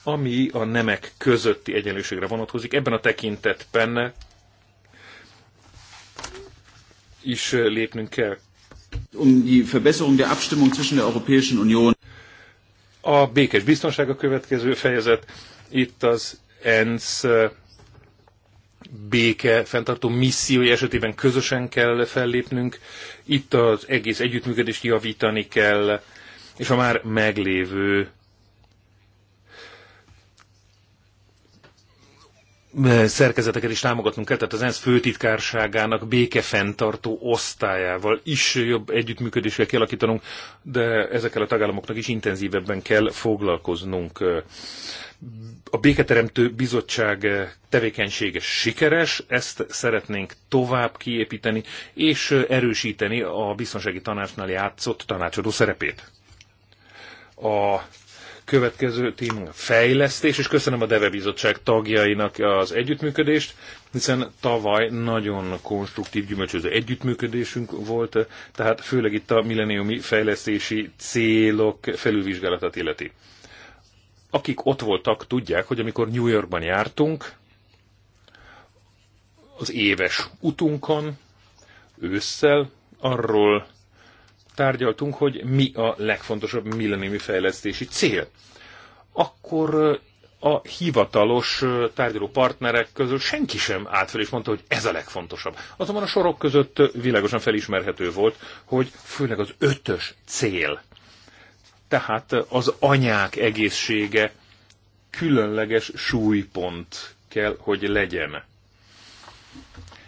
ami a nemek közötti egyenlőségre vonatkozik. Ebben a tekintetben is lépnünk kell. Um die Verbesserung der Abstimmung zwischen der Europäischen Union. A békés biztonság a következő fejezet. Itt az ENSZ béke fenntartó missziói esetében közösen kell fellépnünk. Itt az egész együttműködést javítani kell, és a már meglévő szerkezeteket is támogatnunk kell, tehát az ENSZ főtitkárságának békefenntartó osztályával is jobb együttműködést kell kialakítanunk, de ezekkel a tagállamoknak is intenzívebben kell foglalkoznunk. A Béketeremtő Bizottság tevékenysége sikeres, ezt szeretnénk tovább kiépíteni és erősíteni a Biztonsági Tanácsnál játszott tanácsadó szerepét. A következő témánk a fejlesztés, és köszönöm a Deve Bizottság tagjainak az együttműködést, hiszen tavaly nagyon konstruktív, gyümölcsöző együttműködésünk volt, tehát főleg itt a milleniumi fejlesztési célok felülvizsgálatát illeti. Akik ott voltak, tudják, hogy amikor New Yorkban jártunk, az éves utunkon, ősszel, arról tárgyaltunk, hogy mi a legfontosabb millenniumi fejlesztési cél, akkor a hivatalos tárgyaló partnerek közül senki sem állt fel és mondta, hogy ez a legfontosabb. Azonban a sorok között világosan felismerhető volt, hogy főleg az ötös cél, tehát az anyák egészsége különleges súlypont kell, hogy legyen.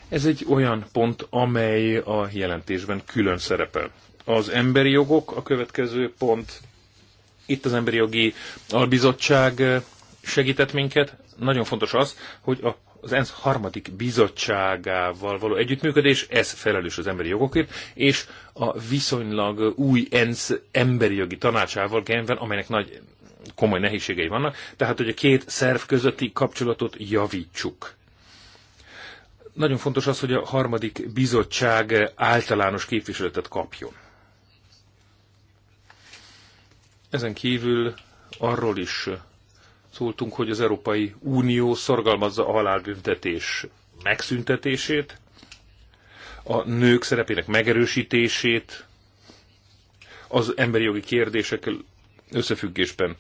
Ez egy olyan pont, amely a jelentésben külön szerepel az emberi jogok a következő pont. Itt az Emberi Jogi Albizottság eh, segített minket. Nagyon fontos az, hogy a az ENSZ harmadik bizottságával való együttműködés, ez felelős az emberi jogokért, és a viszonylag új ENSZ emberi jogi tanácsával Genven, amelynek nagy komoly nehézségei vannak, tehát hogy a két szerv közötti kapcsolatot javítsuk. Nagyon fontos az, hogy a harmadik bizottság eh, általános képviseletet kapjon. Ezen kívül arról is szóltunk, hogy az Európai Unió szorgalmazza a halálbüntetés megszüntetését, a nők szerepének megerősítését, az emberi jogi kérdésekkel összefüggésben.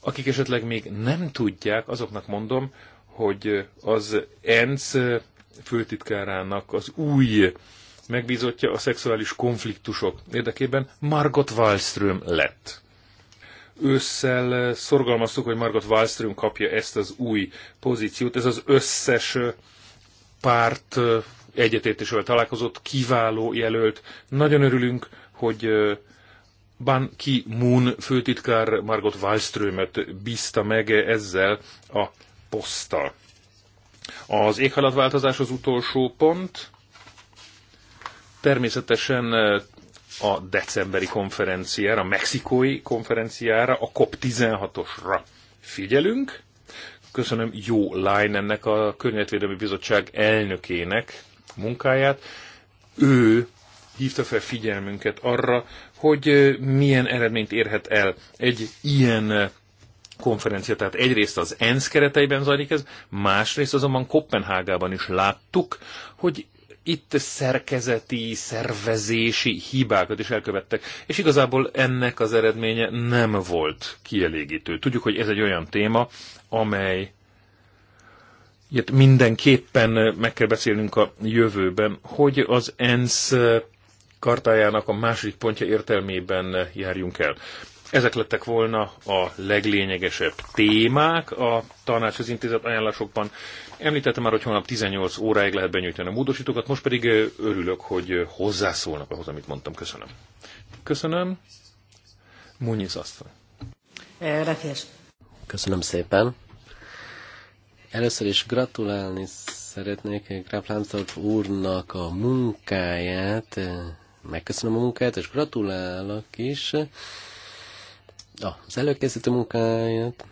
Akik esetleg még nem tudják, azoknak mondom, hogy az ENSZ főtitkárának az új megbízottja a szexuális konfliktusok érdekében Margot Wallström lett ősszel eh, szorgalmaztuk, hogy Margot Wallström kapja ezt az új pozíciót. Ez az összes eh, párt eh, egyetértésével találkozott, kiváló jelölt. Nagyon örülünk, hogy Ban Ki-moon főtitkár Margot Wallströmet bízta meg ezzel a poszttal. Az éghajlatváltozás az utolsó pont. Természetesen a decemberi konferenciára, a mexikói konferenciára, a COP16-osra figyelünk. Köszönöm Jó ennek a Környezetvédelmi Bizottság elnökének munkáját. Ő hívta fel figyelmünket arra, hogy milyen eredményt érhet el egy ilyen konferencia. Tehát egyrészt az ENSZ kereteiben zajlik ez, másrészt azonban Kopenhágában is láttuk, hogy itt szerkezeti, szervezési hibákat is elkövettek, és igazából ennek az eredménye nem volt kielégítő. Tudjuk, hogy ez egy olyan téma, amely ilyet mindenképpen meg kell beszélnünk a jövőben, hogy az ENSZ kartájának a második pontja értelmében járjunk el. Ezek lettek volna a leglényegesebb témák a az intézet ajánlásokban. Említettem már, hogy holnap 18 óráig lehet benyújtani a módosítókat, most pedig örülök, hogy hozzászólnak ahhoz, amit mondtam. Köszönöm. Köszönöm. Munyiz asszony. Eh, Köszönöm szépen. Először is gratulálni szeretnék Graf Lambsdorff úrnak a munkáját. Megköszönöm a munkát, és gratulálok is az előkészítő munkáját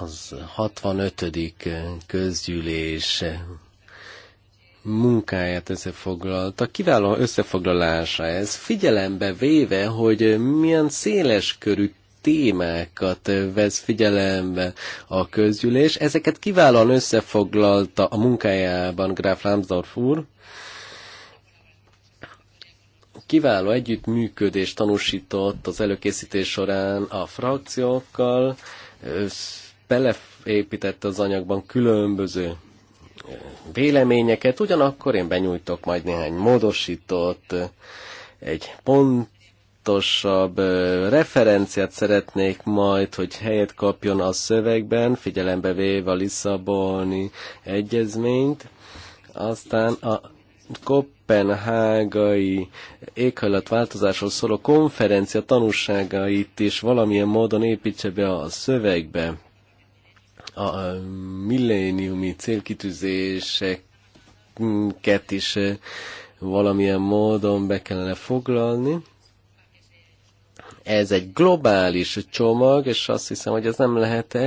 az 65. közgyűlés munkáját összefoglalta. Kiváló összefoglalása ez, figyelembe véve, hogy milyen széles körű témákat vesz figyelembe a közgyűlés. Ezeket kiválóan összefoglalta a munkájában Graf Lambsdorff úr, kiváló együttműködést tanúsított az előkészítés során a frakciókkal, beleépítette az anyagban különböző véleményeket, ugyanakkor én benyújtok majd néhány módosított, egy pontosabb referenciát szeretnék majd, hogy helyet kapjon a szövegben, figyelembe véve a Lisszaboni egyezményt. Aztán a kopenhágai éghajlatváltozásról szóló konferencia tanulságait is valamilyen módon építse be a szövegbe a milléniumi célkitűzéseket is valamilyen módon be kellene foglalni. Ez egy globális csomag, és azt hiszem, hogy ez nem lehet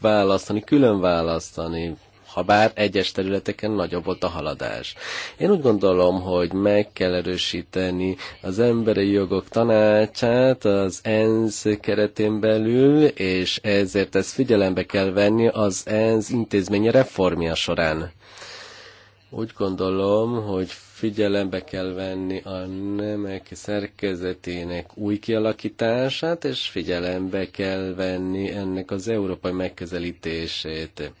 elválasztani, külön választani ha bár egyes területeken nagyobb volt a haladás. Én úgy gondolom, hogy meg kell erősíteni az emberi jogok tanácsát az ENSZ keretén belül, és ezért ezt figyelembe kell venni az ENSZ intézménye reformja során. Úgy gondolom, hogy figyelembe kell venni a nemek szerkezetének új kialakítását, és figyelembe kell venni ennek az európai megközelítését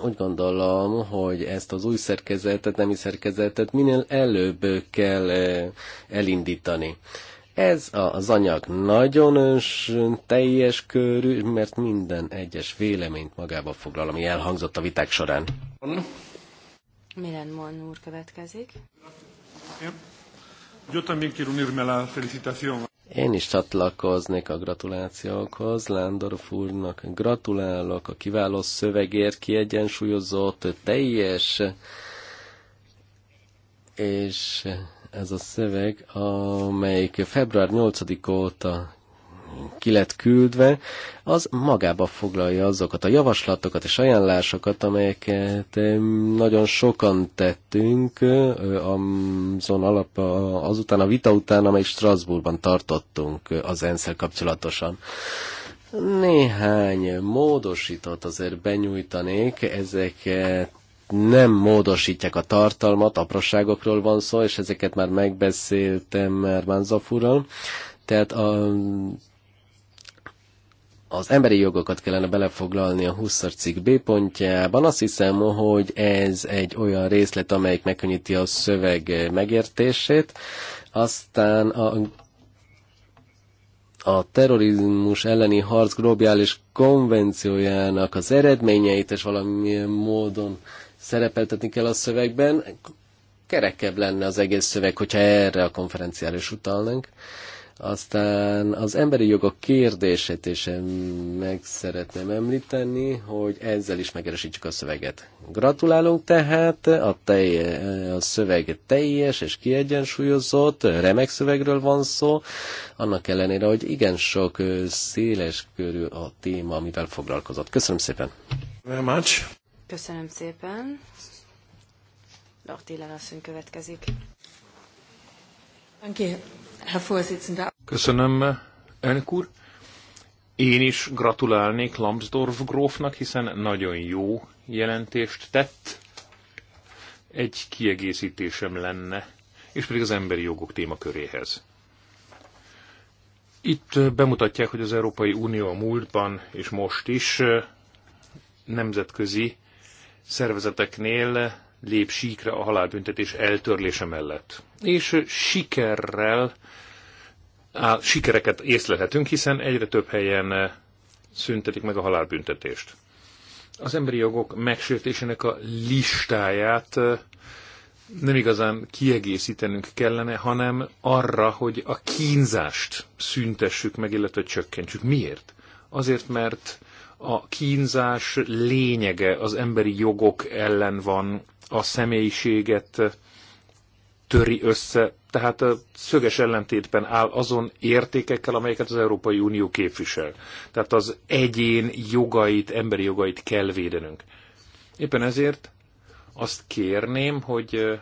úgy gondolom, hogy ezt az új szerkezetet, nemi szerkezetet minél előbb kell eh, elindítani. Ez az anyag nagyon teljes körű, mert minden egyes véleményt magába foglal, ami elhangzott a viták során. Milyen Mon úr következik. Yo también quiero unirme a la felicitación én is csatlakoznék a gratulációkhoz. Lándorf úrnak gratulálok a kiváló szövegért, kiegyensúlyozott, teljes, és ez a szöveg, amelyik február 8 óta ki lett küldve, az magába foglalja azokat a javaslatokat és ajánlásokat, amelyeket eh, nagyon sokan tettünk eh, azon alap, azután a vita után, amely Strasbourgban tartottunk eh, az ensz kapcsolatosan. Néhány módosítót azért benyújtanék, ezeket nem módosítják a tartalmat, apróságokról van szó, és ezeket már megbeszéltem Mánzaf úrral. Tehát a az emberi jogokat kellene belefoglalni a 20 cikk B pontjában. Azt hiszem, hogy ez egy olyan részlet, amelyik megkönnyíti a szöveg megértését. Aztán a a terrorizmus elleni harc globális konvenciójának az eredményeit és valamilyen módon szerepeltetni kell a szövegben. Kerekebb lenne az egész szöveg, hogyha erre a konferenciára is utalnánk. Aztán az emberi jogok kérdését is meg szeretném említeni, hogy ezzel is megeresítsük a szöveget. Gratulálunk tehát, a, telje, a szöveg teljes és kiegyensúlyozott, remek szövegről van szó, annak ellenére, hogy igen sok széles körű a téma, amivel foglalkozott. Köszönöm szépen! Very much. Köszönöm szépen! Lortilen asszony következik. Thank you. Köszönöm, elnök úr. Én is gratulálnék Lambsdorff grófnak, hiszen nagyon jó jelentést tett. Egy kiegészítésem lenne, és pedig az emberi jogok témaköréhez. Itt bemutatják, hogy az Európai Unió a múltban és most is nemzetközi szervezeteknél lép síkra a halálbüntetés eltörlése mellett. És sikerrel, á, sikereket észlelhetünk, hiszen egyre több helyen eh, szüntetik meg a halálbüntetést. Az emberi jogok megsértésének a listáját eh, nem igazán kiegészítenünk kellene, hanem arra, hogy a kínzást szüntessük meg, illetve csökkentsük. Miért? Azért, mert a kínzás lényege az emberi jogok ellen van, a személyiséget töri össze, tehát a szöges ellentétben áll azon értékekkel, amelyeket az Európai Unió képvisel. Tehát az egyén jogait, emberi jogait kell védenünk. Éppen ezért azt kérném, hogy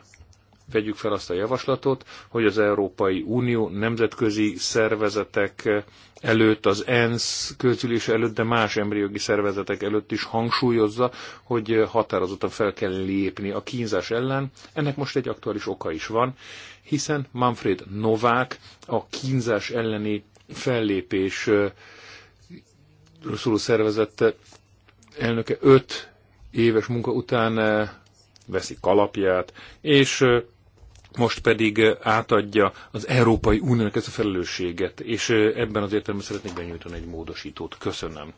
vegyük fel azt a javaslatot, hogy az Európai Unió nemzetközi szervezetek előtt, az ENSZ közülés előtt, de más emberi szervezetek előtt is hangsúlyozza, hogy határozottan fel kell lépni a kínzás ellen. Ennek most egy aktuális oka is van, hiszen Manfred Novák a kínzás elleni fellépés szóló szervezet elnöke öt éves munka után veszi kalapját, és most pedig átadja az Európai Uniónak ezt a felelősséget, és ebben az értelemben szeretnék benyújtani egy módosítót. Köszönöm.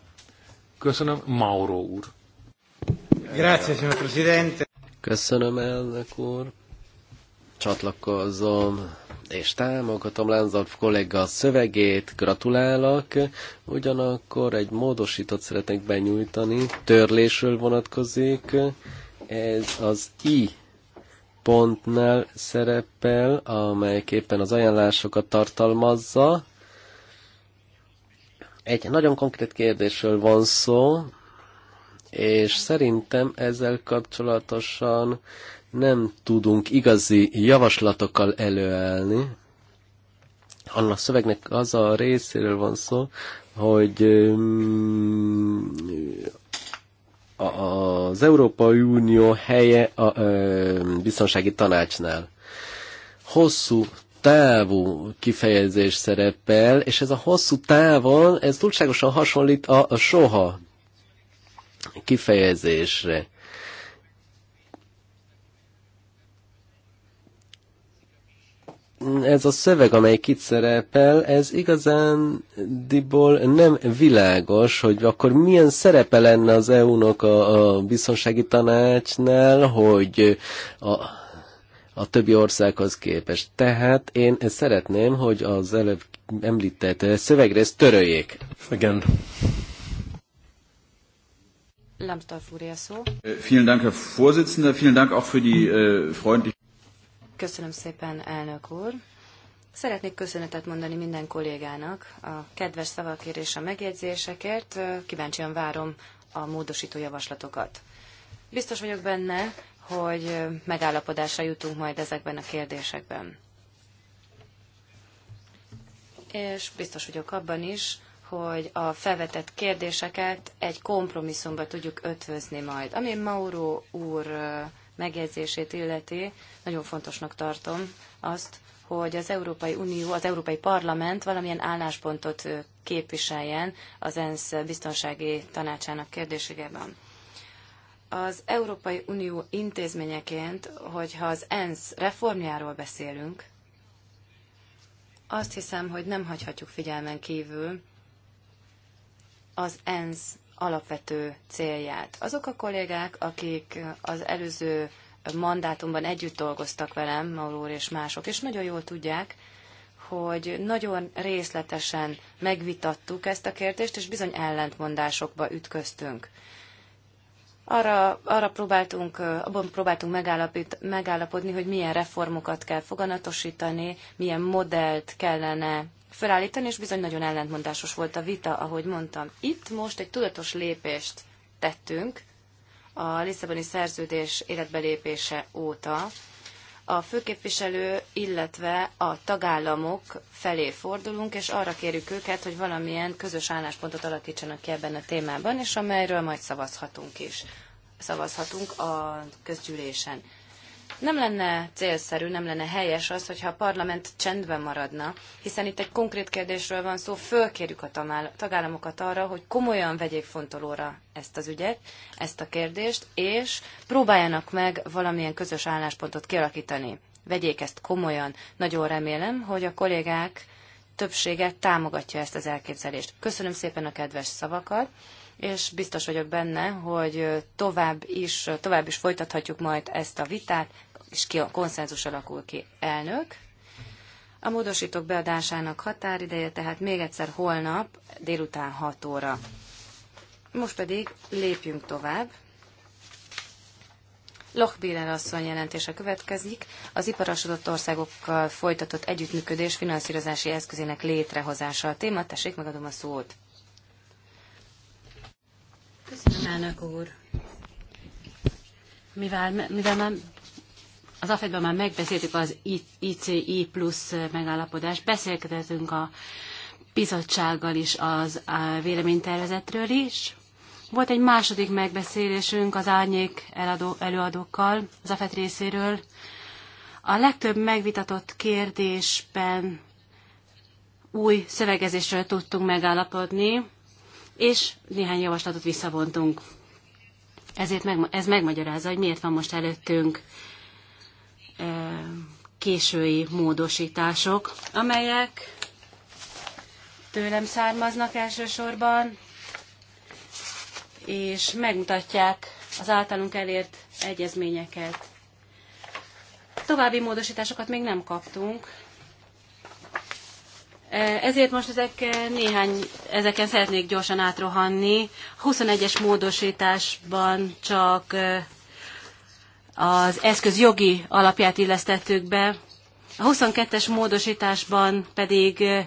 Köszönöm, Mauro úr. Grazie, signor Presidente. Köszönöm, elnök úr. Csatlakozom és támogatom Lánzalf kollega szövegét, gratulálok. Ugyanakkor egy módosítót szeretnék benyújtani, törlésről vonatkozik. Ez az I pontnál szerepel, amely éppen az ajánlásokat tartalmazza. Egy nagyon konkrét kérdésről van szó, és szerintem ezzel kapcsolatosan nem tudunk igazi javaslatokkal előállni. Annak szövegnek az a részéről van szó, hogy mm, az Európai Unió helye a biztonsági tanácsnál. Hosszú távú kifejezés szerepel, és ez a hosszú távon, ez túlságosan hasonlít a, a soha kifejezésre. ez a szöveg, amely itt szerepel, ez igazán diból nem világos, hogy akkor milyen szerepe lenne az EU-nak a, a biztonsági tanácsnál, hogy a, a többi országhoz képest. Tehát én ezt szeretném, hogy az előbb említett szövegrészt töröljék. Igen. Lambsdorff úr, szó. Vielen Dank, Herr Vorsitzender, vielen Dank auch für die äh, freundliche... Köszönöm szépen, elnök úr. Szeretnék köszönetet mondani minden kollégának a kedves szavakért és a megjegyzésekért. Kíváncsian várom a módosító javaslatokat. Biztos vagyok benne, hogy megállapodásra jutunk majd ezekben a kérdésekben. És biztos vagyok abban is, hogy a felvetett kérdéseket egy kompromisszumba tudjuk ötvözni majd. Ami Mauro úr megjegyzését illeti, nagyon fontosnak tartom azt, hogy az Európai Unió, az Európai Parlament valamilyen álláspontot képviseljen az ENSZ biztonsági tanácsának kérdésében. Az Európai Unió intézményeként, hogyha az ENSZ reformjáról beszélünk, azt hiszem, hogy nem hagyhatjuk figyelmen kívül az ENSZ alapvető célját. Azok a kollégák, akik az előző mandátumban együtt dolgoztak velem, Maulór és mások, és nagyon jól tudják, hogy nagyon részletesen megvitattuk ezt a kérdést, és bizony ellentmondásokba ütköztünk. Arra, arra próbáltunk, abban próbáltunk megállapít, megállapodni, hogy milyen reformokat kell foganatosítani, milyen modellt kellene felállítani, és bizony nagyon ellentmondásos volt a vita, ahogy mondtam. Itt most egy tudatos lépést tettünk a Lisszaboni szerződés életbelépése óta. A főképviselő, illetve a tagállamok felé fordulunk, és arra kérjük őket, hogy valamilyen közös álláspontot alakítsanak ki ebben a témában, és amelyről majd szavazhatunk is. Szavazhatunk a közgyűlésen. Nem lenne célszerű, nem lenne helyes az, hogyha a parlament csendben maradna, hiszen itt egy konkrét kérdésről van szó, fölkérjük a tagállamokat arra, hogy komolyan vegyék fontolóra ezt az ügyet, ezt a kérdést, és próbáljanak meg valamilyen közös álláspontot kialakítani. Vegyék ezt komolyan. Nagyon remélem, hogy a kollégák többsége támogatja ezt az elképzelést. Köszönöm szépen a kedves szavakat és biztos vagyok benne, hogy tovább is, tovább is folytathatjuk majd ezt a vitát, és ki a konszenzus alakul ki elnök. A módosítók beadásának határideje tehát még egyszer holnap délután 6 óra. Most pedig lépjünk tovább. Lochbiller asszony jelentése következik. Az iparosodott országokkal folytatott együttműködés finanszírozási eszközének létrehozása a téma. Tessék, megadom a szót. Köszönöm, elnök úr. Mivel, mivel már az afed már megbeszéltük az ICI plusz megállapodást, beszélgetünk a bizottsággal is az a véleménytervezetről is. Volt egy második megbeszélésünk az árnyék eladó, előadókkal az AFET részéről. A legtöbb megvitatott kérdésben új szövegezésről tudtunk megállapodni, és néhány javaslatot visszavontunk. Ezért meg, ez megmagyarázza, hogy miért van most előttünk késői módosítások, amelyek tőlem származnak elsősorban, és megmutatják az általunk elért egyezményeket. További módosításokat még nem kaptunk, ezért most ezek eh, néhány, ezeken szeretnék gyorsan átrohanni. 21-es módosításban csak eh, az eszköz jogi alapját illesztettük be, a 22-es módosításban pedig eh,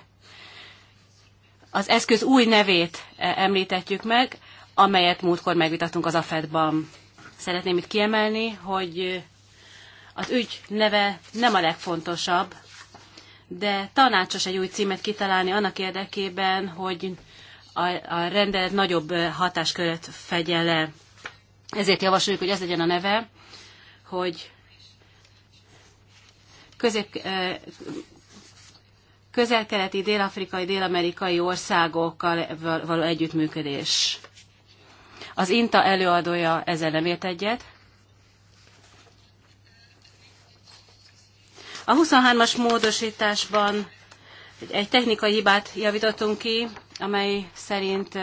az eszköz új nevét említetjük meg, amelyet múltkor megvitattunk az AFED-ban. Szeretném itt kiemelni, hogy az ügy neve nem a legfontosabb, de tanácsos egy új címet kitalálni annak érdekében, hogy a, a rendelet nagyobb hatáskört fedje le. Ezért javasoljuk, hogy ez legyen a neve, hogy közép, közel-keleti, dél-afrikai, dél-amerikai országokkal való együttműködés. Az INTA előadója ezzel nem ért egyet, A 23-as módosításban egy technikai hibát javítottunk ki, amely szerint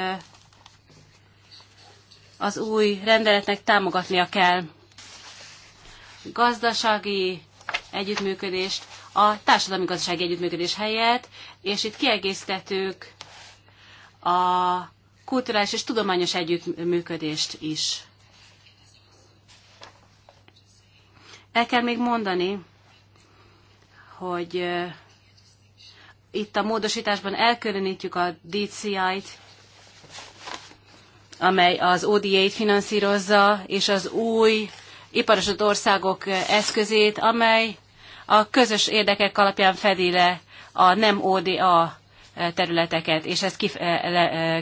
az új rendeletnek támogatnia kell gazdasági együttműködést a társadalmi gazdasági együttműködés helyett, és itt kiegészítettük a kulturális és tudományos együttműködést is. El kell még mondani, hogy itt a módosításban elkülönítjük a DCI-t, amely az ODA-t finanszírozza, és az új iparosodott országok eszközét, amely a közös érdekek alapján fedi le a nem ODA területeket, és ezt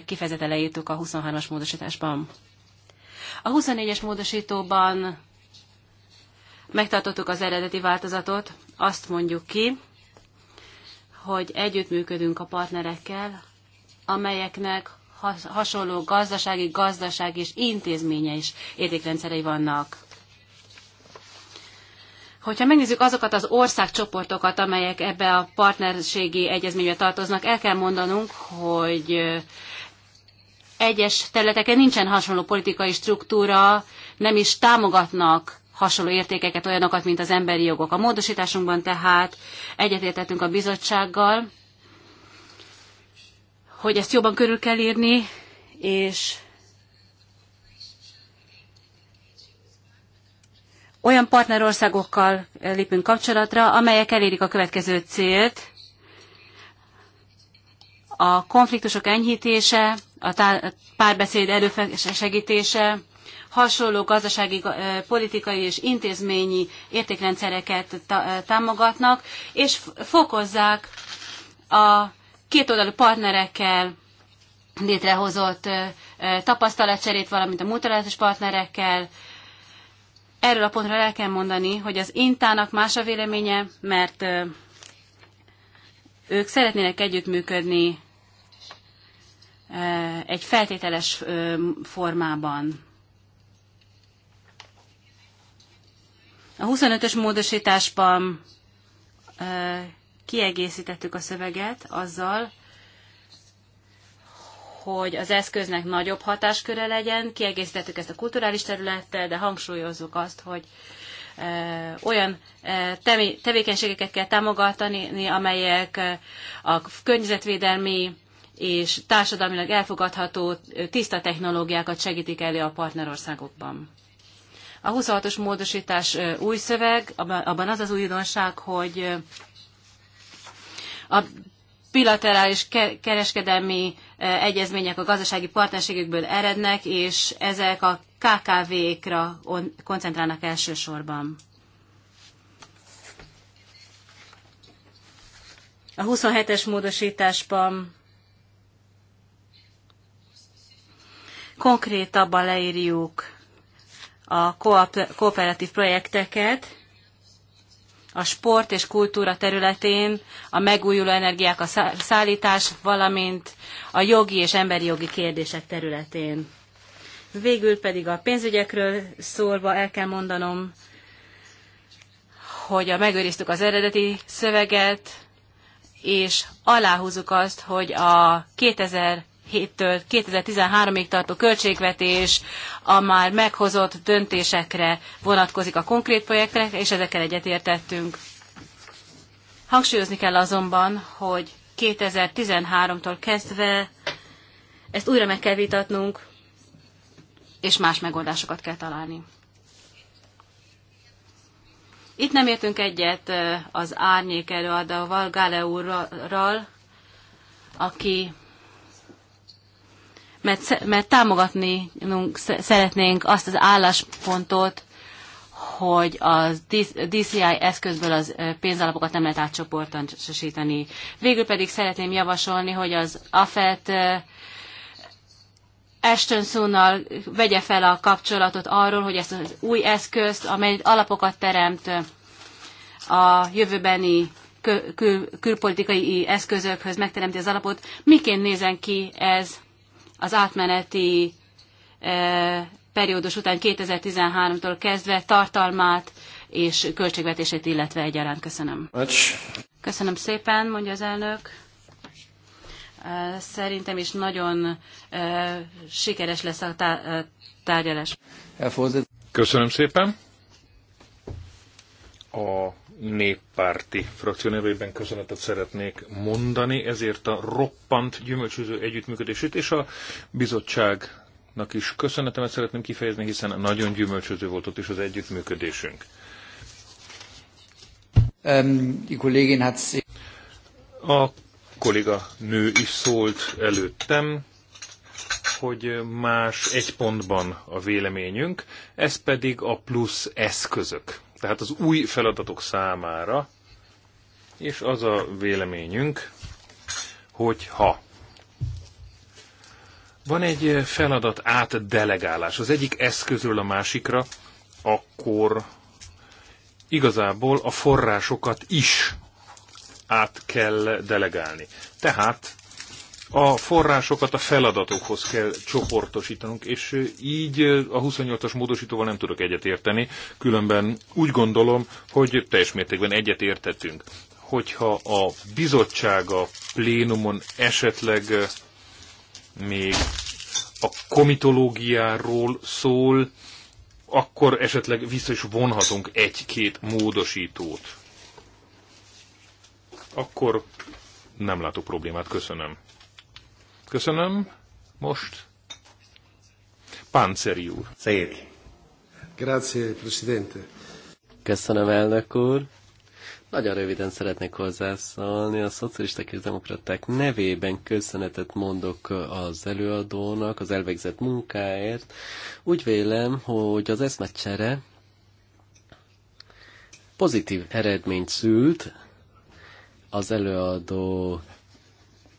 kifejezetten leírtuk a 23-as módosításban. A 24-es módosítóban megtartottuk az eredeti változatot, azt mondjuk ki, hogy együttműködünk a partnerekkel, amelyeknek hasonló gazdasági, gazdasági és intézménye is értékrendszerei vannak. Hogyha megnézzük azokat az országcsoportokat, amelyek ebbe a partnerségi egyezménybe tartoznak, el kell mondanunk, hogy egyes területeken nincsen hasonló politikai struktúra, nem is támogatnak hasonló értékeket, olyanokat, mint az emberi jogok. A módosításunkban tehát egyetértettünk a bizottsággal, hogy ezt jobban körül kell írni, és olyan partnerországokkal lépünk kapcsolatra, amelyek elérik a következő célt, a konfliktusok enyhítése, a párbeszéd elősegítése, hasonló gazdasági, politikai és intézményi értékrendszereket támogatnak, és fokozzák a kétoldalú partnerekkel létrehozott tapasztalatcserét, valamint a multilaterális partnerekkel. Erről a pontról el kell mondani, hogy az Intának más a véleménye, mert ők szeretnének együttműködni egy feltételes formában. A 25-ös módosításban kiegészítettük a szöveget azzal, hogy az eszköznek nagyobb hatásköre legyen. Kiegészítettük ezt a kulturális területtel, de hangsúlyozzuk azt, hogy olyan tevékenységeket kell támogatni, amelyek a környezetvédelmi és társadalmilag elfogadható tiszta technológiákat segítik elő a partnerországokban. A 26-os módosítás új szöveg, abban az az újdonság, hogy a bilaterális kereskedelmi egyezmények a gazdasági partnerségükből erednek, és ezek a KKV-kra koncentrálnak elsősorban. A 27-es módosításban konkrétabban leírjuk a kooperatív projekteket a sport és kultúra területén, a megújuló energiák a szállítás, valamint a jogi és emberi jogi kérdések területén. Végül pedig a pénzügyekről szólva el kell mondanom, hogy a megőriztük az eredeti szöveget, és aláhúzuk azt, hogy a 2000 2017 től 2013-ig tartó költségvetés a már meghozott döntésekre vonatkozik a konkrét projektre, és ezekkel egyetértettünk. Hangsúlyozni kell azonban, hogy 2013-tól kezdve ezt újra meg kell vitatnunk, és más megoldásokat kell találni. Itt nem értünk egyet az árnyék előadóval, Gale úrral, aki mert, mert támogatni szeretnénk azt az álláspontot, hogy a DCI eszközből az pénzalapokat nem lehet átcsoportosítani. Végül pedig szeretném javasolni, hogy az AFET Ashton Sunnal vegye fel a kapcsolatot arról, hogy ezt az új eszközt, amely alapokat teremt a jövőbeni kül- külpolitikai eszközökhöz, megteremti az alapot, miként nézen ki ez az átmeneti e, periódus után 2013-tól kezdve tartalmát és költségvetését illetve egyaránt. Köszönöm. Köszönöm szépen, mondja az elnök. E, szerintem is nagyon e, sikeres lesz a tárgyalás. Köszönöm szépen. A néppárti frakció nevében köszönetet szeretnék mondani, ezért a roppant gyümölcsöző együttműködését és a bizottságnak is köszönetemet szeretném kifejezni, hiszen nagyon gyümölcsöző volt ott is az együttműködésünk. a kolléga nő is szólt előttem, hogy más egy pontban a véleményünk, ez pedig a plusz eszközök tehát az új feladatok számára, és az a véleményünk, hogy ha van egy feladat átdelegálás az egyik eszközről a másikra, akkor igazából a forrásokat is át kell delegálni. Tehát a forrásokat a feladatokhoz kell csoportosítanunk, és így a 28-as módosítóval nem tudok egyetérteni, különben úgy gondolom, hogy teljes mértékben egyetértetünk. Hogyha a bizottság a plénumon esetleg eh, még a komitológiáról szól, akkor esetleg vissza is vonhatunk egy-két módosítót. Akkor nem látok problémát, köszönöm. Köszönöm. Most Pánceri úr. Céri. Grazie, Presidente. Köszönöm, elnök úr. Nagyon röviden szeretnék hozzászólni. A szocialisták és demokraták nevében köszönetet mondok az előadónak az elvégzett munkáért. Úgy vélem, hogy az eszmecsere pozitív eredményt szült. Az előadó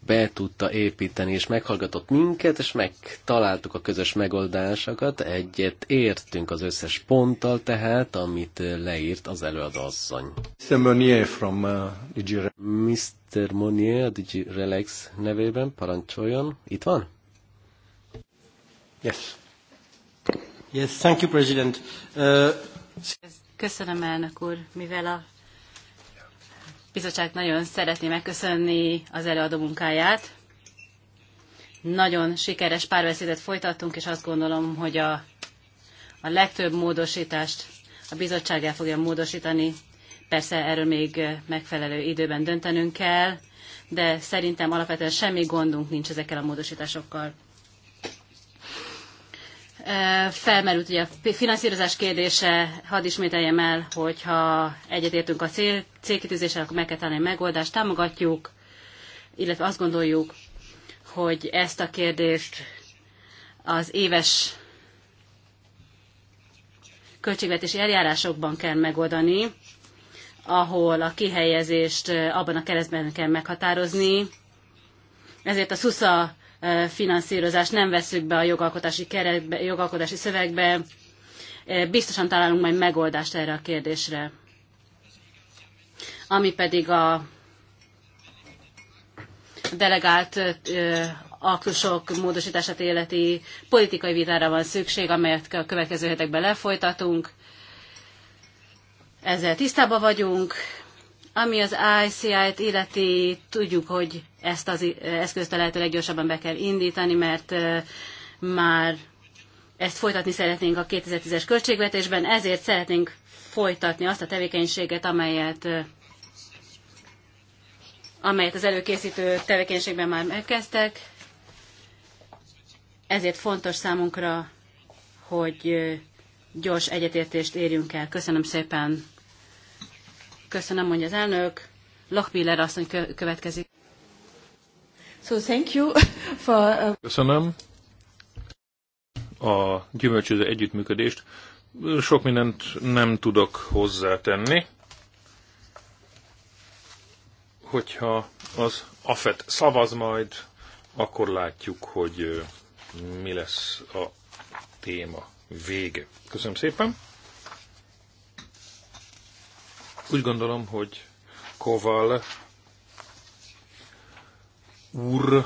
be tudta építeni, és meghallgatott minket, és megtaláltuk a közös megoldásokat, egyet értünk az összes ponttal tehát, amit leírt az előadó asszony. Mr. Monier from uh, Mr. Monier, Digi Relax nevében, parancsoljon. Itt van? Yes. Yes, thank you, President. Uh... Köszönöm, elnök úr, mivel a bizottság nagyon szeretné megköszönni az előadó munkáját. Nagyon sikeres párbeszédet folytattunk, és azt gondolom, hogy a, a legtöbb módosítást a bizottság el fogja módosítani. Persze erről még megfelelő időben döntenünk kell, de szerintem alapvetően semmi gondunk nincs ezekkel a módosításokkal. Felmerült ugye a finanszírozás kérdése, hadd ismételjem el, hogyha egyetértünk a cél, célkitűzéssel, akkor meg kell találni a megoldást, támogatjuk, illetve azt gondoljuk, hogy ezt a kérdést az éves költségvetési eljárásokban kell megoldani, ahol a kihelyezést abban a keresztben kell meghatározni. Ezért a SUSA finanszírozást nem veszük be a jogalkotási, keretbe, jogalkotási szövegbe. Biztosan találunk majd megoldást erre a kérdésre. Ami pedig a delegált aktusok módosítását életi politikai vitára van szükség, amelyet a következő hetekben lefolytatunk. Ezzel tisztában vagyunk, ami az ICI-t illeti, tudjuk, hogy ezt az eszközt a lehető leggyorsabban be kell indítani, mert már ezt folytatni szeretnénk a 2010-es költségvetésben, ezért szeretnénk folytatni azt a tevékenységet, amelyet amelyet az előkészítő tevékenységben már megkezdtek. Ezért fontos számunkra, hogy gyors egyetértést érjünk el. Köszönöm szépen! Köszönöm, mondja az elnök. Lachbiller asszony következik. So thank you for, uh... Köszönöm a gyümölcsöző együttműködést. Sok mindent nem tudok hozzátenni. Hogyha az AFET szavaz majd, akkor látjuk, hogy mi lesz a téma vége. Köszönöm szépen! Úgy gondolom, hogy Koval úr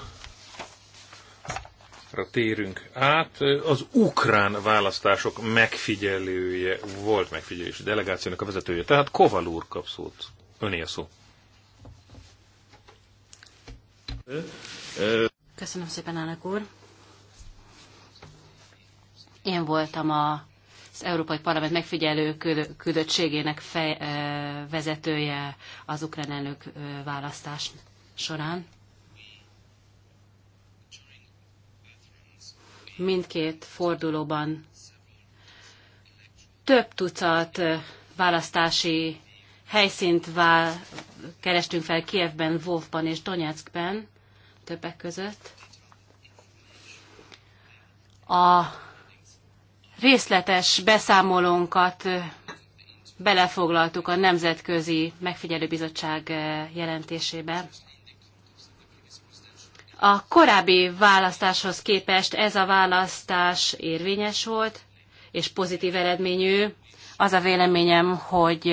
térünk át. Az ukrán választások megfigyelője volt megfigyelési delegációnak a vezetője. Tehát Koval úr kap szót. Öné a szó. Köszönöm szépen, elnök úr. Én voltam a az Európai Parlament megfigyelő küldöttségének vezetője az ukrán elnök választás során. Mindkét fordulóban több tucat választási helyszínt vál, kerestünk fel Kievben, Vovban és Donetskben, többek között. A részletes beszámolónkat belefoglaltuk a Nemzetközi Megfigyelőbizottság jelentésébe. A korábbi választáshoz képest ez a választás érvényes volt, és pozitív eredményű. Az a véleményem, hogy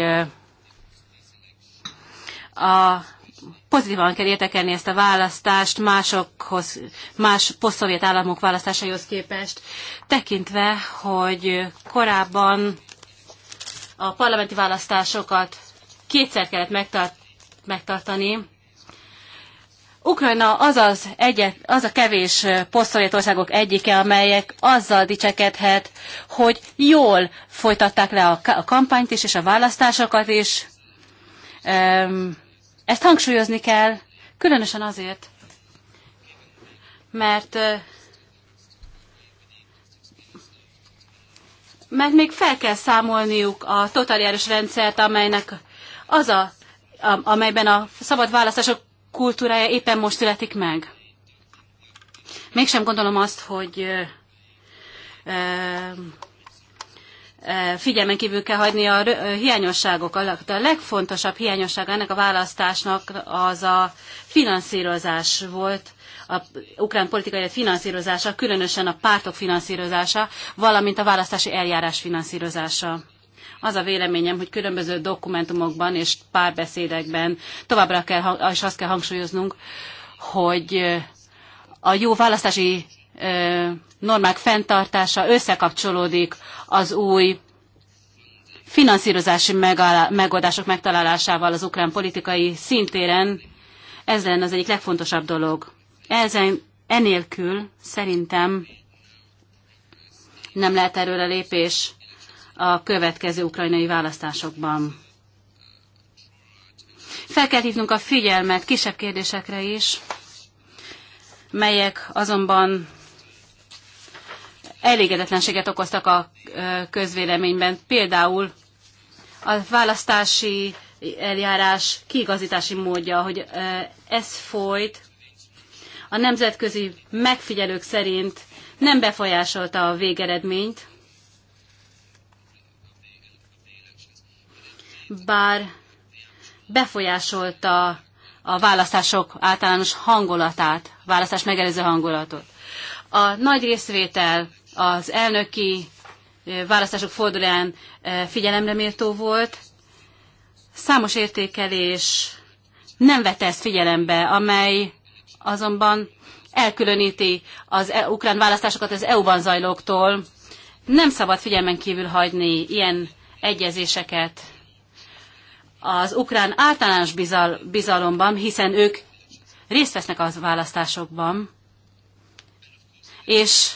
a pozitívan kell értekelni ezt a választást másokhoz, más posztszovjet államok választásaihoz képest, tekintve, hogy korábban a parlamenti választásokat kétszer kellett megtart, megtartani. Ukrajna az, az, egyet, az a kevés posztszovjet országok egyike, amelyek azzal dicsekedhet, hogy jól folytatták le a, kampányt is, és a választásokat is. Um, ezt hangsúlyozni kell, különösen azért, mert mert még fel kell számolniuk a totaliáris rendszert, amelynek az a, amelyben a szabad választások kultúrája éppen most születik meg. Mégsem gondolom azt, hogy figyelmen kívül kell hagyni a hiányosságokat. A legfontosabb hiányosság ennek a választásnak az a finanszírozás volt, a ukrán politikai finanszírozása, különösen a pártok finanszírozása, valamint a választási eljárás finanszírozása. Az a véleményem, hogy különböző dokumentumokban és párbeszédekben továbbra kell, és azt kell hangsúlyoznunk, hogy a jó választási normák fenntartása összekapcsolódik az új finanszírozási megoldások megtalálásával az ukrán politikai szintéren. Ez lenne az egyik legfontosabb dolog. Ezen, enélkül szerintem nem lehet a lépés a következő ukrajnai választásokban. Fel kell hívnunk a figyelmet kisebb kérdésekre is, melyek azonban elégedetlenséget okoztak a közvéleményben. Például a választási eljárás kiigazítási módja, hogy ez folyt, a nemzetközi megfigyelők szerint nem befolyásolta a végeredményt, bár befolyásolta a választások általános hangulatát, választás megelőző hangulatot. A nagy részvétel az elnöki választások fordulán figyelemre méltó volt. Számos értékelés nem vette ezt figyelembe, amely azonban elkülöníti az e- ukrán választásokat az EU-ban zajlóktól. Nem szabad figyelmen kívül hagyni ilyen egyezéseket az ukrán általános bizal, bizalomban, hiszen ők részt vesznek az választásokban, és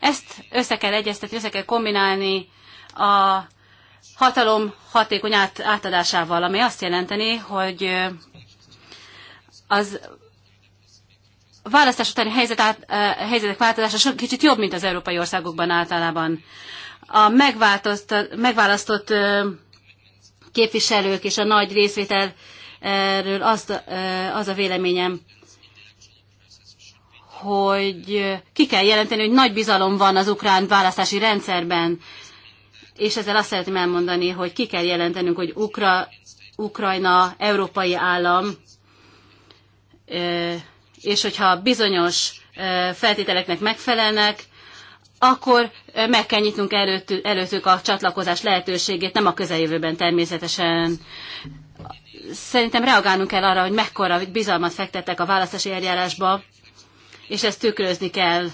ezt össze kell egyeztetni, össze kell kombinálni a hatalom hatékony át, átadásával, ami azt jelenteni, hogy az választás utáni helyzet át, helyzetek változása kicsit jobb, mint az európai országokban általában. A megválasztott képviselők és a nagy részvételről az, az a véleményem, hogy ki kell jelenteni, hogy nagy bizalom van az ukrán választási rendszerben, és ezzel azt szeretném elmondani, hogy ki kell jelentenünk, hogy Ukra, Ukrajna európai állam, és hogyha bizonyos feltételeknek megfelelnek, akkor meg kell nyitnunk előtt, előttük a csatlakozás lehetőségét, nem a közeljövőben természetesen. Szerintem reagálnunk kell arra, hogy mekkora bizalmat fektettek a választási eljárásba, és ezt tükrözni kell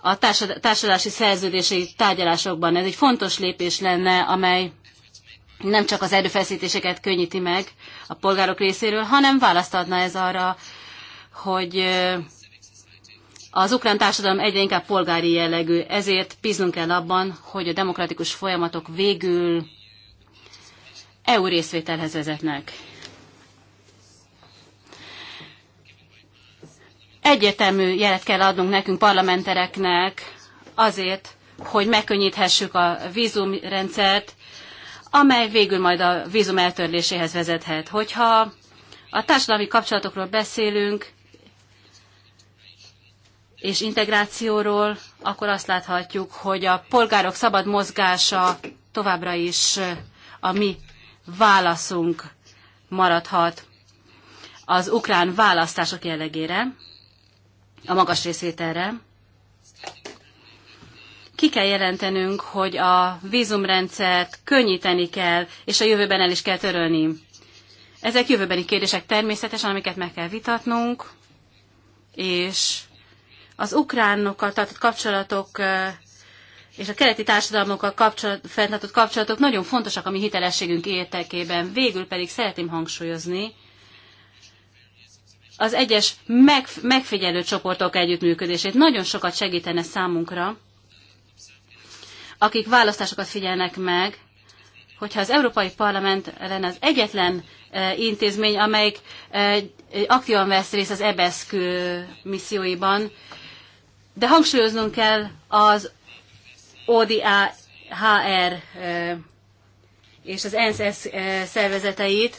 a társadalási szerződési tárgyalásokban. Ez egy fontos lépés lenne, amely nem csak az erőfeszítéseket könnyíti meg a polgárok részéről, hanem választ adna ez arra, hogy az ukrán társadalom egyre inkább polgári jellegű, ezért bíznunk kell abban, hogy a demokratikus folyamatok végül EU részvételhez vezetnek. egyetemű jelet kell adnunk nekünk parlamentereknek azért, hogy megkönnyíthessük a vízumrendszert, amely végül majd a vízum eltörléséhez vezethet. Hogyha a társadalmi kapcsolatokról beszélünk, és integrációról, akkor azt láthatjuk, hogy a polgárok szabad mozgása továbbra is a mi válaszunk maradhat az ukrán választások jellegére a magas részvételre. Ki kell jelentenünk, hogy a vízumrendszert könnyíteni kell, és a jövőben el is kell törölni. Ezek jövőbeni kérdések természetesen, amiket meg kell vitatnunk, és az ukránokkal tartott kapcsolatok és a keleti társadalmokkal kapcsolat, fenntartott kapcsolatok nagyon fontosak a mi hitelességünk értekében. Végül pedig szeretném hangsúlyozni, az egyes megfigyelő csoportok együttműködését. Nagyon sokat segítene számunkra, akik választásokat figyelnek meg, hogyha az Európai Parlament lenne az egyetlen e, intézmény, amelyik e, aktívan vesz részt az EBSZK misszióiban, de hangsúlyoznunk kell az ODA HR e, és az ENSZ szervezeteit,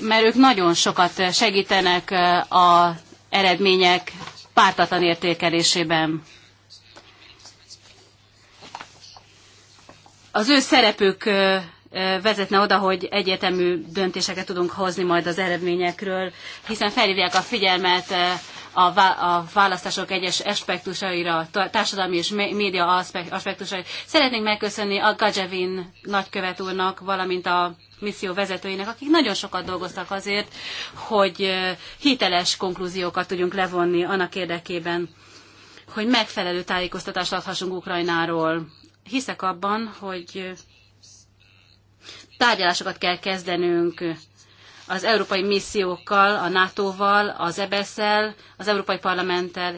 mert ők nagyon sokat segítenek a eredmények pártatlan értékelésében. Az ő szerepük vezetne oda, hogy egyetemű döntéseket tudunk hozni majd az eredményekről, hiszen felhívják a figyelmet a választások egyes aspektusaira, társadalmi és média aspektusaira. Szeretnénk megköszönni a Gajevin nagykövet úrnak, valamint a misszió vezetőinek, akik nagyon sokat dolgoztak azért, hogy hiteles konklúziókat tudjunk levonni annak érdekében, hogy megfelelő tájékoztatást adhassunk Ukrajnáról. Hiszek abban, hogy tárgyalásokat kell kezdenünk az európai missziókkal, a NATO-val, az EBS-el, e az Európai Parlamenttel,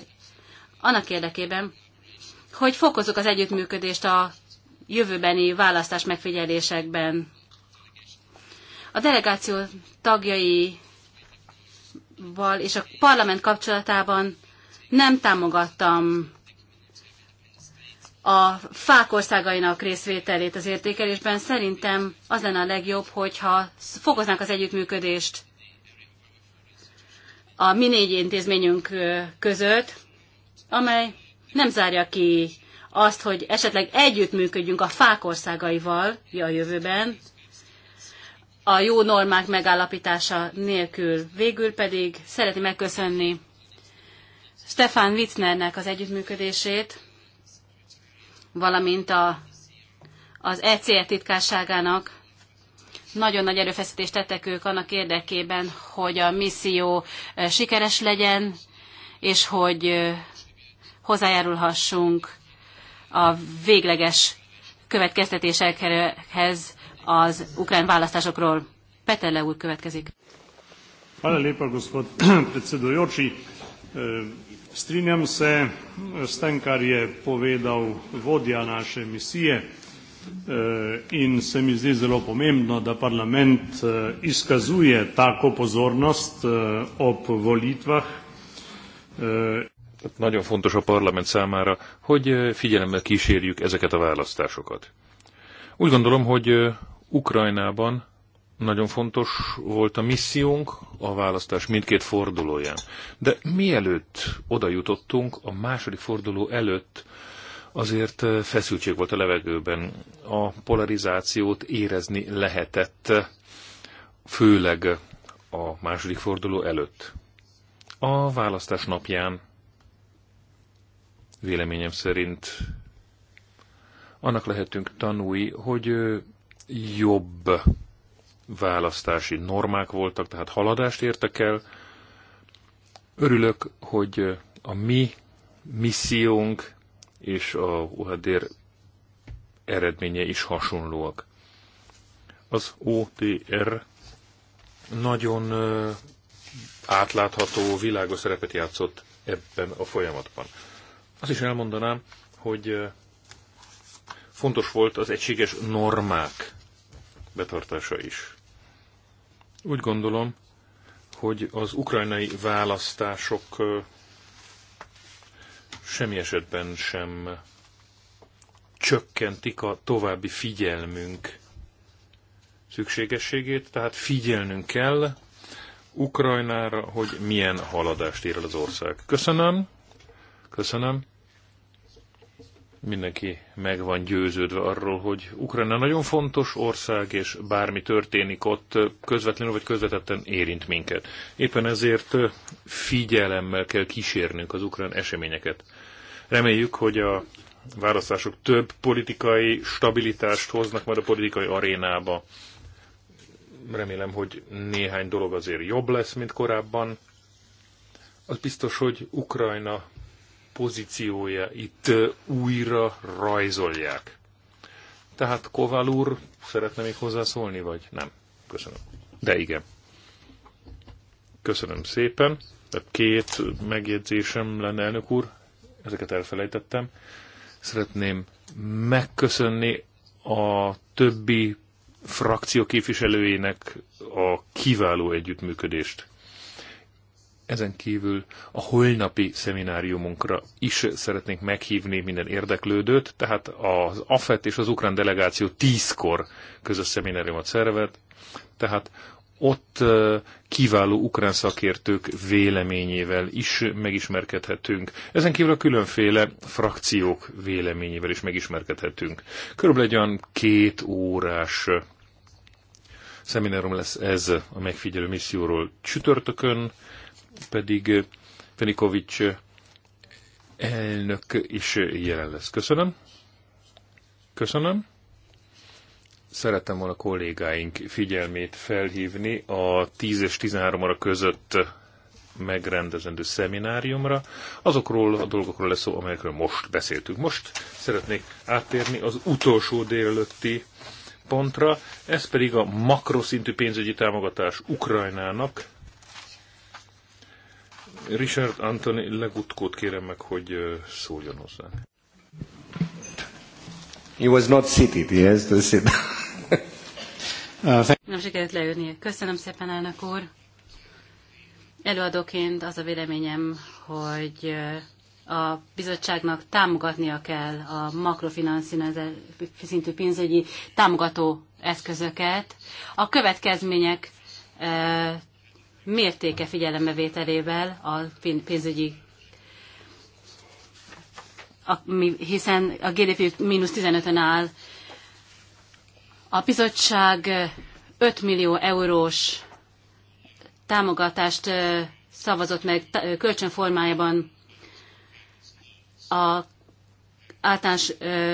annak érdekében, hogy fokozzuk az együttműködést a jövőbeni választás megfigyelésekben. A delegáció tagjaival és a parlament kapcsolatában nem támogattam a fák országainak részvételét az értékelésben. Szerintem az lenne a legjobb, hogyha fokoznánk az együttműködést a mi négy intézményünk között, amely nem zárja ki azt, hogy esetleg együttműködjünk a fák országaival a jövőben, a jó normák megállapítása nélkül. Végül pedig szeretném megköszönni Stefan Witznernek az együttműködését, valamint a, az ECR titkárságának nagyon nagy erőfeszítést tettek ők annak érdekében, hogy a misszió eh, sikeres legyen, és hogy eh, hozzájárulhassunk a végleges következtetésekhez az ukrán választásokról. Petele úr következik. Hvala lepa, gospod predsedujoči. Eh, Strinjam se s tem, kar je povedal vodja naše misije eh, in se mi zdi zelo pomembno, da parlament eh, izkazuje tako pozornost eh, ob volitvah. Hát nagyon fontos a parlament számára, hogy figyelemmel kísérjük ezeket a választásokat. Úgy gondolom, hogy Ukrajnában nagyon fontos volt a missziónk a választás mindkét fordulóján. De mielőtt oda jutottunk, a második forduló előtt azért eh, feszültség volt a levegőben. A polarizációt érezni lehetett, főleg a második forduló előtt. A választás napján véleményem szerint annak lehetünk tanúi, hogy eh, jobb választási normák voltak, tehát haladást értek el. Örülök, hogy a mi missziónk és a UHDR eredménye is hasonlóak. Az ODR nagyon átlátható, világos szerepet játszott ebben a folyamatban. Azt is elmondanám, hogy fontos volt az egységes normák betartása is. Úgy gondolom, hogy az ukrajnai választások semmi esetben sem csökkentik a további figyelmünk szükségességét, tehát figyelnünk kell Ukrajnára, hogy milyen haladást ér el az ország. Köszönöm, köszönöm mindenki meg van győződve arról, hogy Ukrajna nagyon fontos ország, és bármi történik ott, közvetlenül vagy közvetetten érint minket. Éppen ezért figyelemmel kell kísérnünk az ukrán eseményeket. Reméljük, hogy a választások több politikai stabilitást hoznak majd a politikai arénába. Remélem, hogy néhány dolog azért jobb lesz, mint korábban. Az biztos, hogy Ukrajna pozíciója itt újra rajzolják. Tehát Kovál úr szeretne még hozzászólni, vagy nem? Köszönöm. De igen. Köszönöm szépen. Két megjegyzésem lenne, elnök úr. Ezeket elfelejtettem. Szeretném megköszönni a többi frakció képviselőjének a kiváló együttműködést. Ezen kívül a holnapi szemináriumunkra is szeretnénk meghívni minden érdeklődőt, tehát az AFET és az ukrán delegáció tízkor közös szemináriumot szervez, tehát ott kiváló ukrán szakértők véleményével is megismerkedhetünk. Ezen kívül a különféle frakciók véleményével is megismerkedhetünk. Körülbelül egy olyan két órás szeminárom lesz ez a megfigyelő misszióról csütörtökön, pedig Fenikovics elnök is jelen lesz. Köszönöm. Köszönöm. Szerettem volna kollégáink figyelmét felhívni a 10 és 13 óra között megrendezendő szemináriumra. Azokról a dolgokról lesz szó, amelyekről most beszéltünk. Most szeretnék áttérni az utolsó délelőtti pontra, ez pedig a makroszintű pénzügyi támogatás Ukrajnának Richard Anthony Legutkót kérem meg, hogy szóljon hozzá. He was not seated, he has to sit. Nem sikerült leülni. Köszönöm szépen, elnök úr. Előadóként az a véleményem, hogy a bizottságnak támogatnia kell a makrofinanszírozás szintű pénzügyi támogató eszközöket. A következmények mértéke figyelembevételével a pénzügyi a, hiszen a GDP mínusz 15-ön áll. A bizottság 5 millió eurós támogatást szavazott meg kölcsönformájában a általános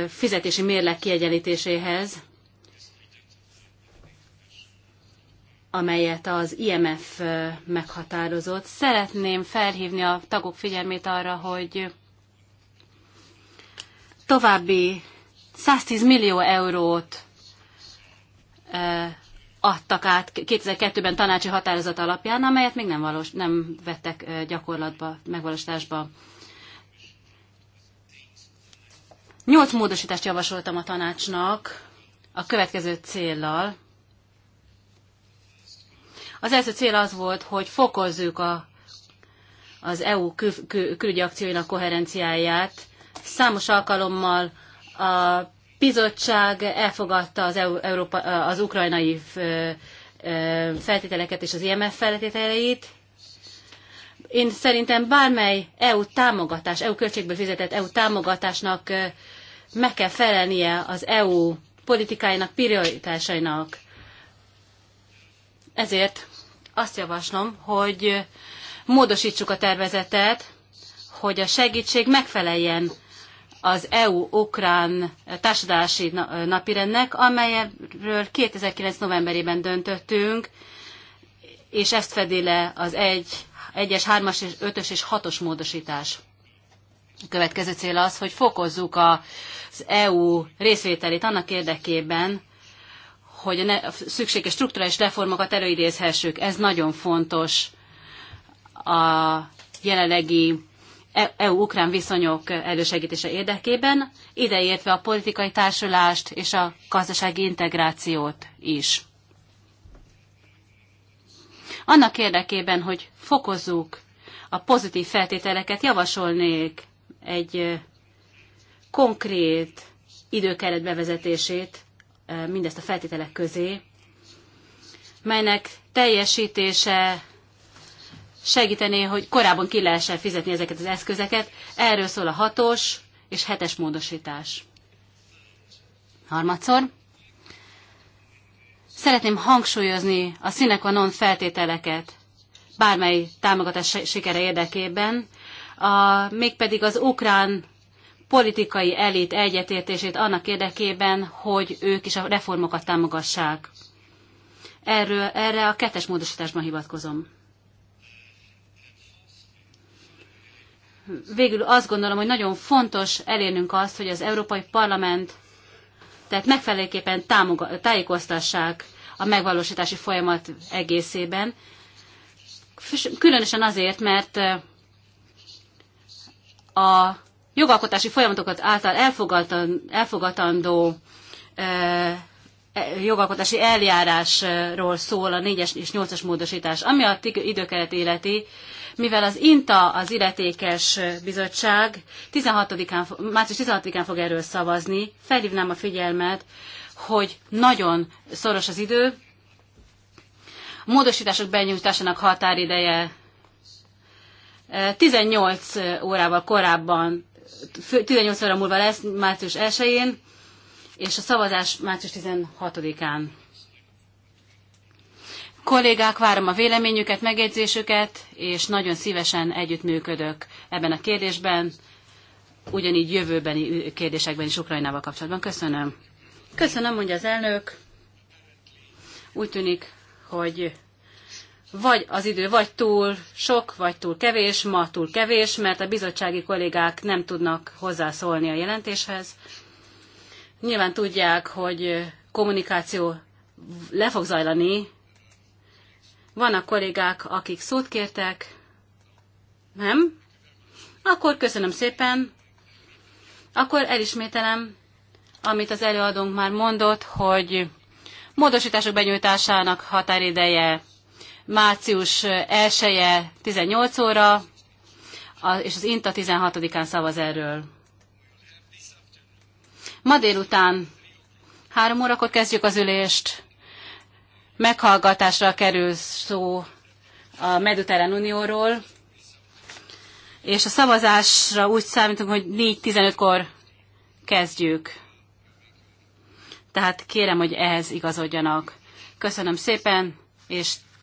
fizetési mérleg kiegyenlítéséhez amelyet az IMF meghatározott. Szeretném felhívni a tagok figyelmét arra, hogy további 110 millió eurót adtak át 2002-ben tanácsi határozat alapján, amelyet még nem, valós, nem vettek gyakorlatba, megvalósításba. Nyolc módosítást javasoltam a tanácsnak a következő céllal – az első cél az volt, hogy fokozzuk a, az EU kül, kül, külügyi akcióinak koherenciáját. Számos alkalommal a bizottság elfogadta az, EU, Európa, az ukrajnai feltételeket és az IMF feltételeit. Én szerintem bármely EU támogatás, EU költségből fizetett EU támogatásnak meg kell felelnie az EU politikáinak, prioritásainak. Ezért azt javaslom, hogy módosítsuk a tervezetet, hogy a segítség megfeleljen az EU-Ukrán társadalmi napirendnek, amelyről 2009. novemberében döntöttünk, és ezt fedi le az 1, 1-es, 3-as, 5-ös és 6-os módosítás. A következő cél az, hogy fokozzuk az EU részvételét annak érdekében, hogy a szükséges strukturális reformokat előidézhessük. Ez nagyon fontos a jelenlegi e- EU-ukrán viszonyok elősegítése érdekében, ideértve a politikai társulást és a gazdasági integrációt is. Annak érdekében, hogy fokozzuk a pozitív feltételeket, javasolnék egy konkrét időkeret bevezetését mindezt a feltételek közé, melynek teljesítése segítené, hogy korábban ki lehessen fizetni ezeket az eszközeket. Erről szól a hatos és hetes módosítás. Harmadszor. Szeretném hangsúlyozni a színek a non feltételeket bármely támogatás sikere érdekében, a, mégpedig az ukrán politikai elit egyetértését annak érdekében, hogy ők is a reformokat támogassák. Erről, erre a kettes módosításban hivatkozom. Végül azt gondolom, hogy nagyon fontos elérnünk azt, hogy az Európai Parlament tehát megfelelőképpen tájékoztassák a megvalósítási folyamat egészében. Különösen azért, mert a jogalkotási folyamatokat által elfogadandó e, jogalkotási eljárásról szól a 4-es és 8-as módosítás, ami a időkeret életi, mivel az INTA, az illetékes bizottság 16-án, március 16-án fog erről szavazni, felhívnám a figyelmet, hogy nagyon szoros az idő, a módosítások benyújtásának határideje 18 órával korábban 18 óra múlva lesz, március 1-én, és a szavazás március 16-án. Kollégák, várom a véleményüket, megjegyzésüket, és nagyon szívesen együttműködök ebben a kérdésben, ugyanígy jövőbeni kérdésekben is Ukrajnával kapcsolatban. Köszönöm. Köszönöm, mondja az elnök. Úgy tűnik, hogy vagy az idő vagy túl sok, vagy túl kevés, ma túl kevés, mert a bizottsági kollégák nem tudnak hozzászólni a jelentéshez. Nyilván tudják, hogy kommunikáció le fog zajlani. Vannak kollégák, akik szót kértek. Nem? Akkor köszönöm szépen. Akkor elismételem, amit az előadónk már mondott, hogy módosítások benyújtásának határideje március 1-e 18 óra, és az INTA 16-án szavaz erről. Ma délután három órakor kezdjük az ülést. Meghallgatásra kerül szó a Mediterrán Unióról, és a szavazásra úgy számítunk, hogy 4-15-kor kezdjük. Tehát kérem, hogy ehhez igazodjanak. Köszönöm szépen, és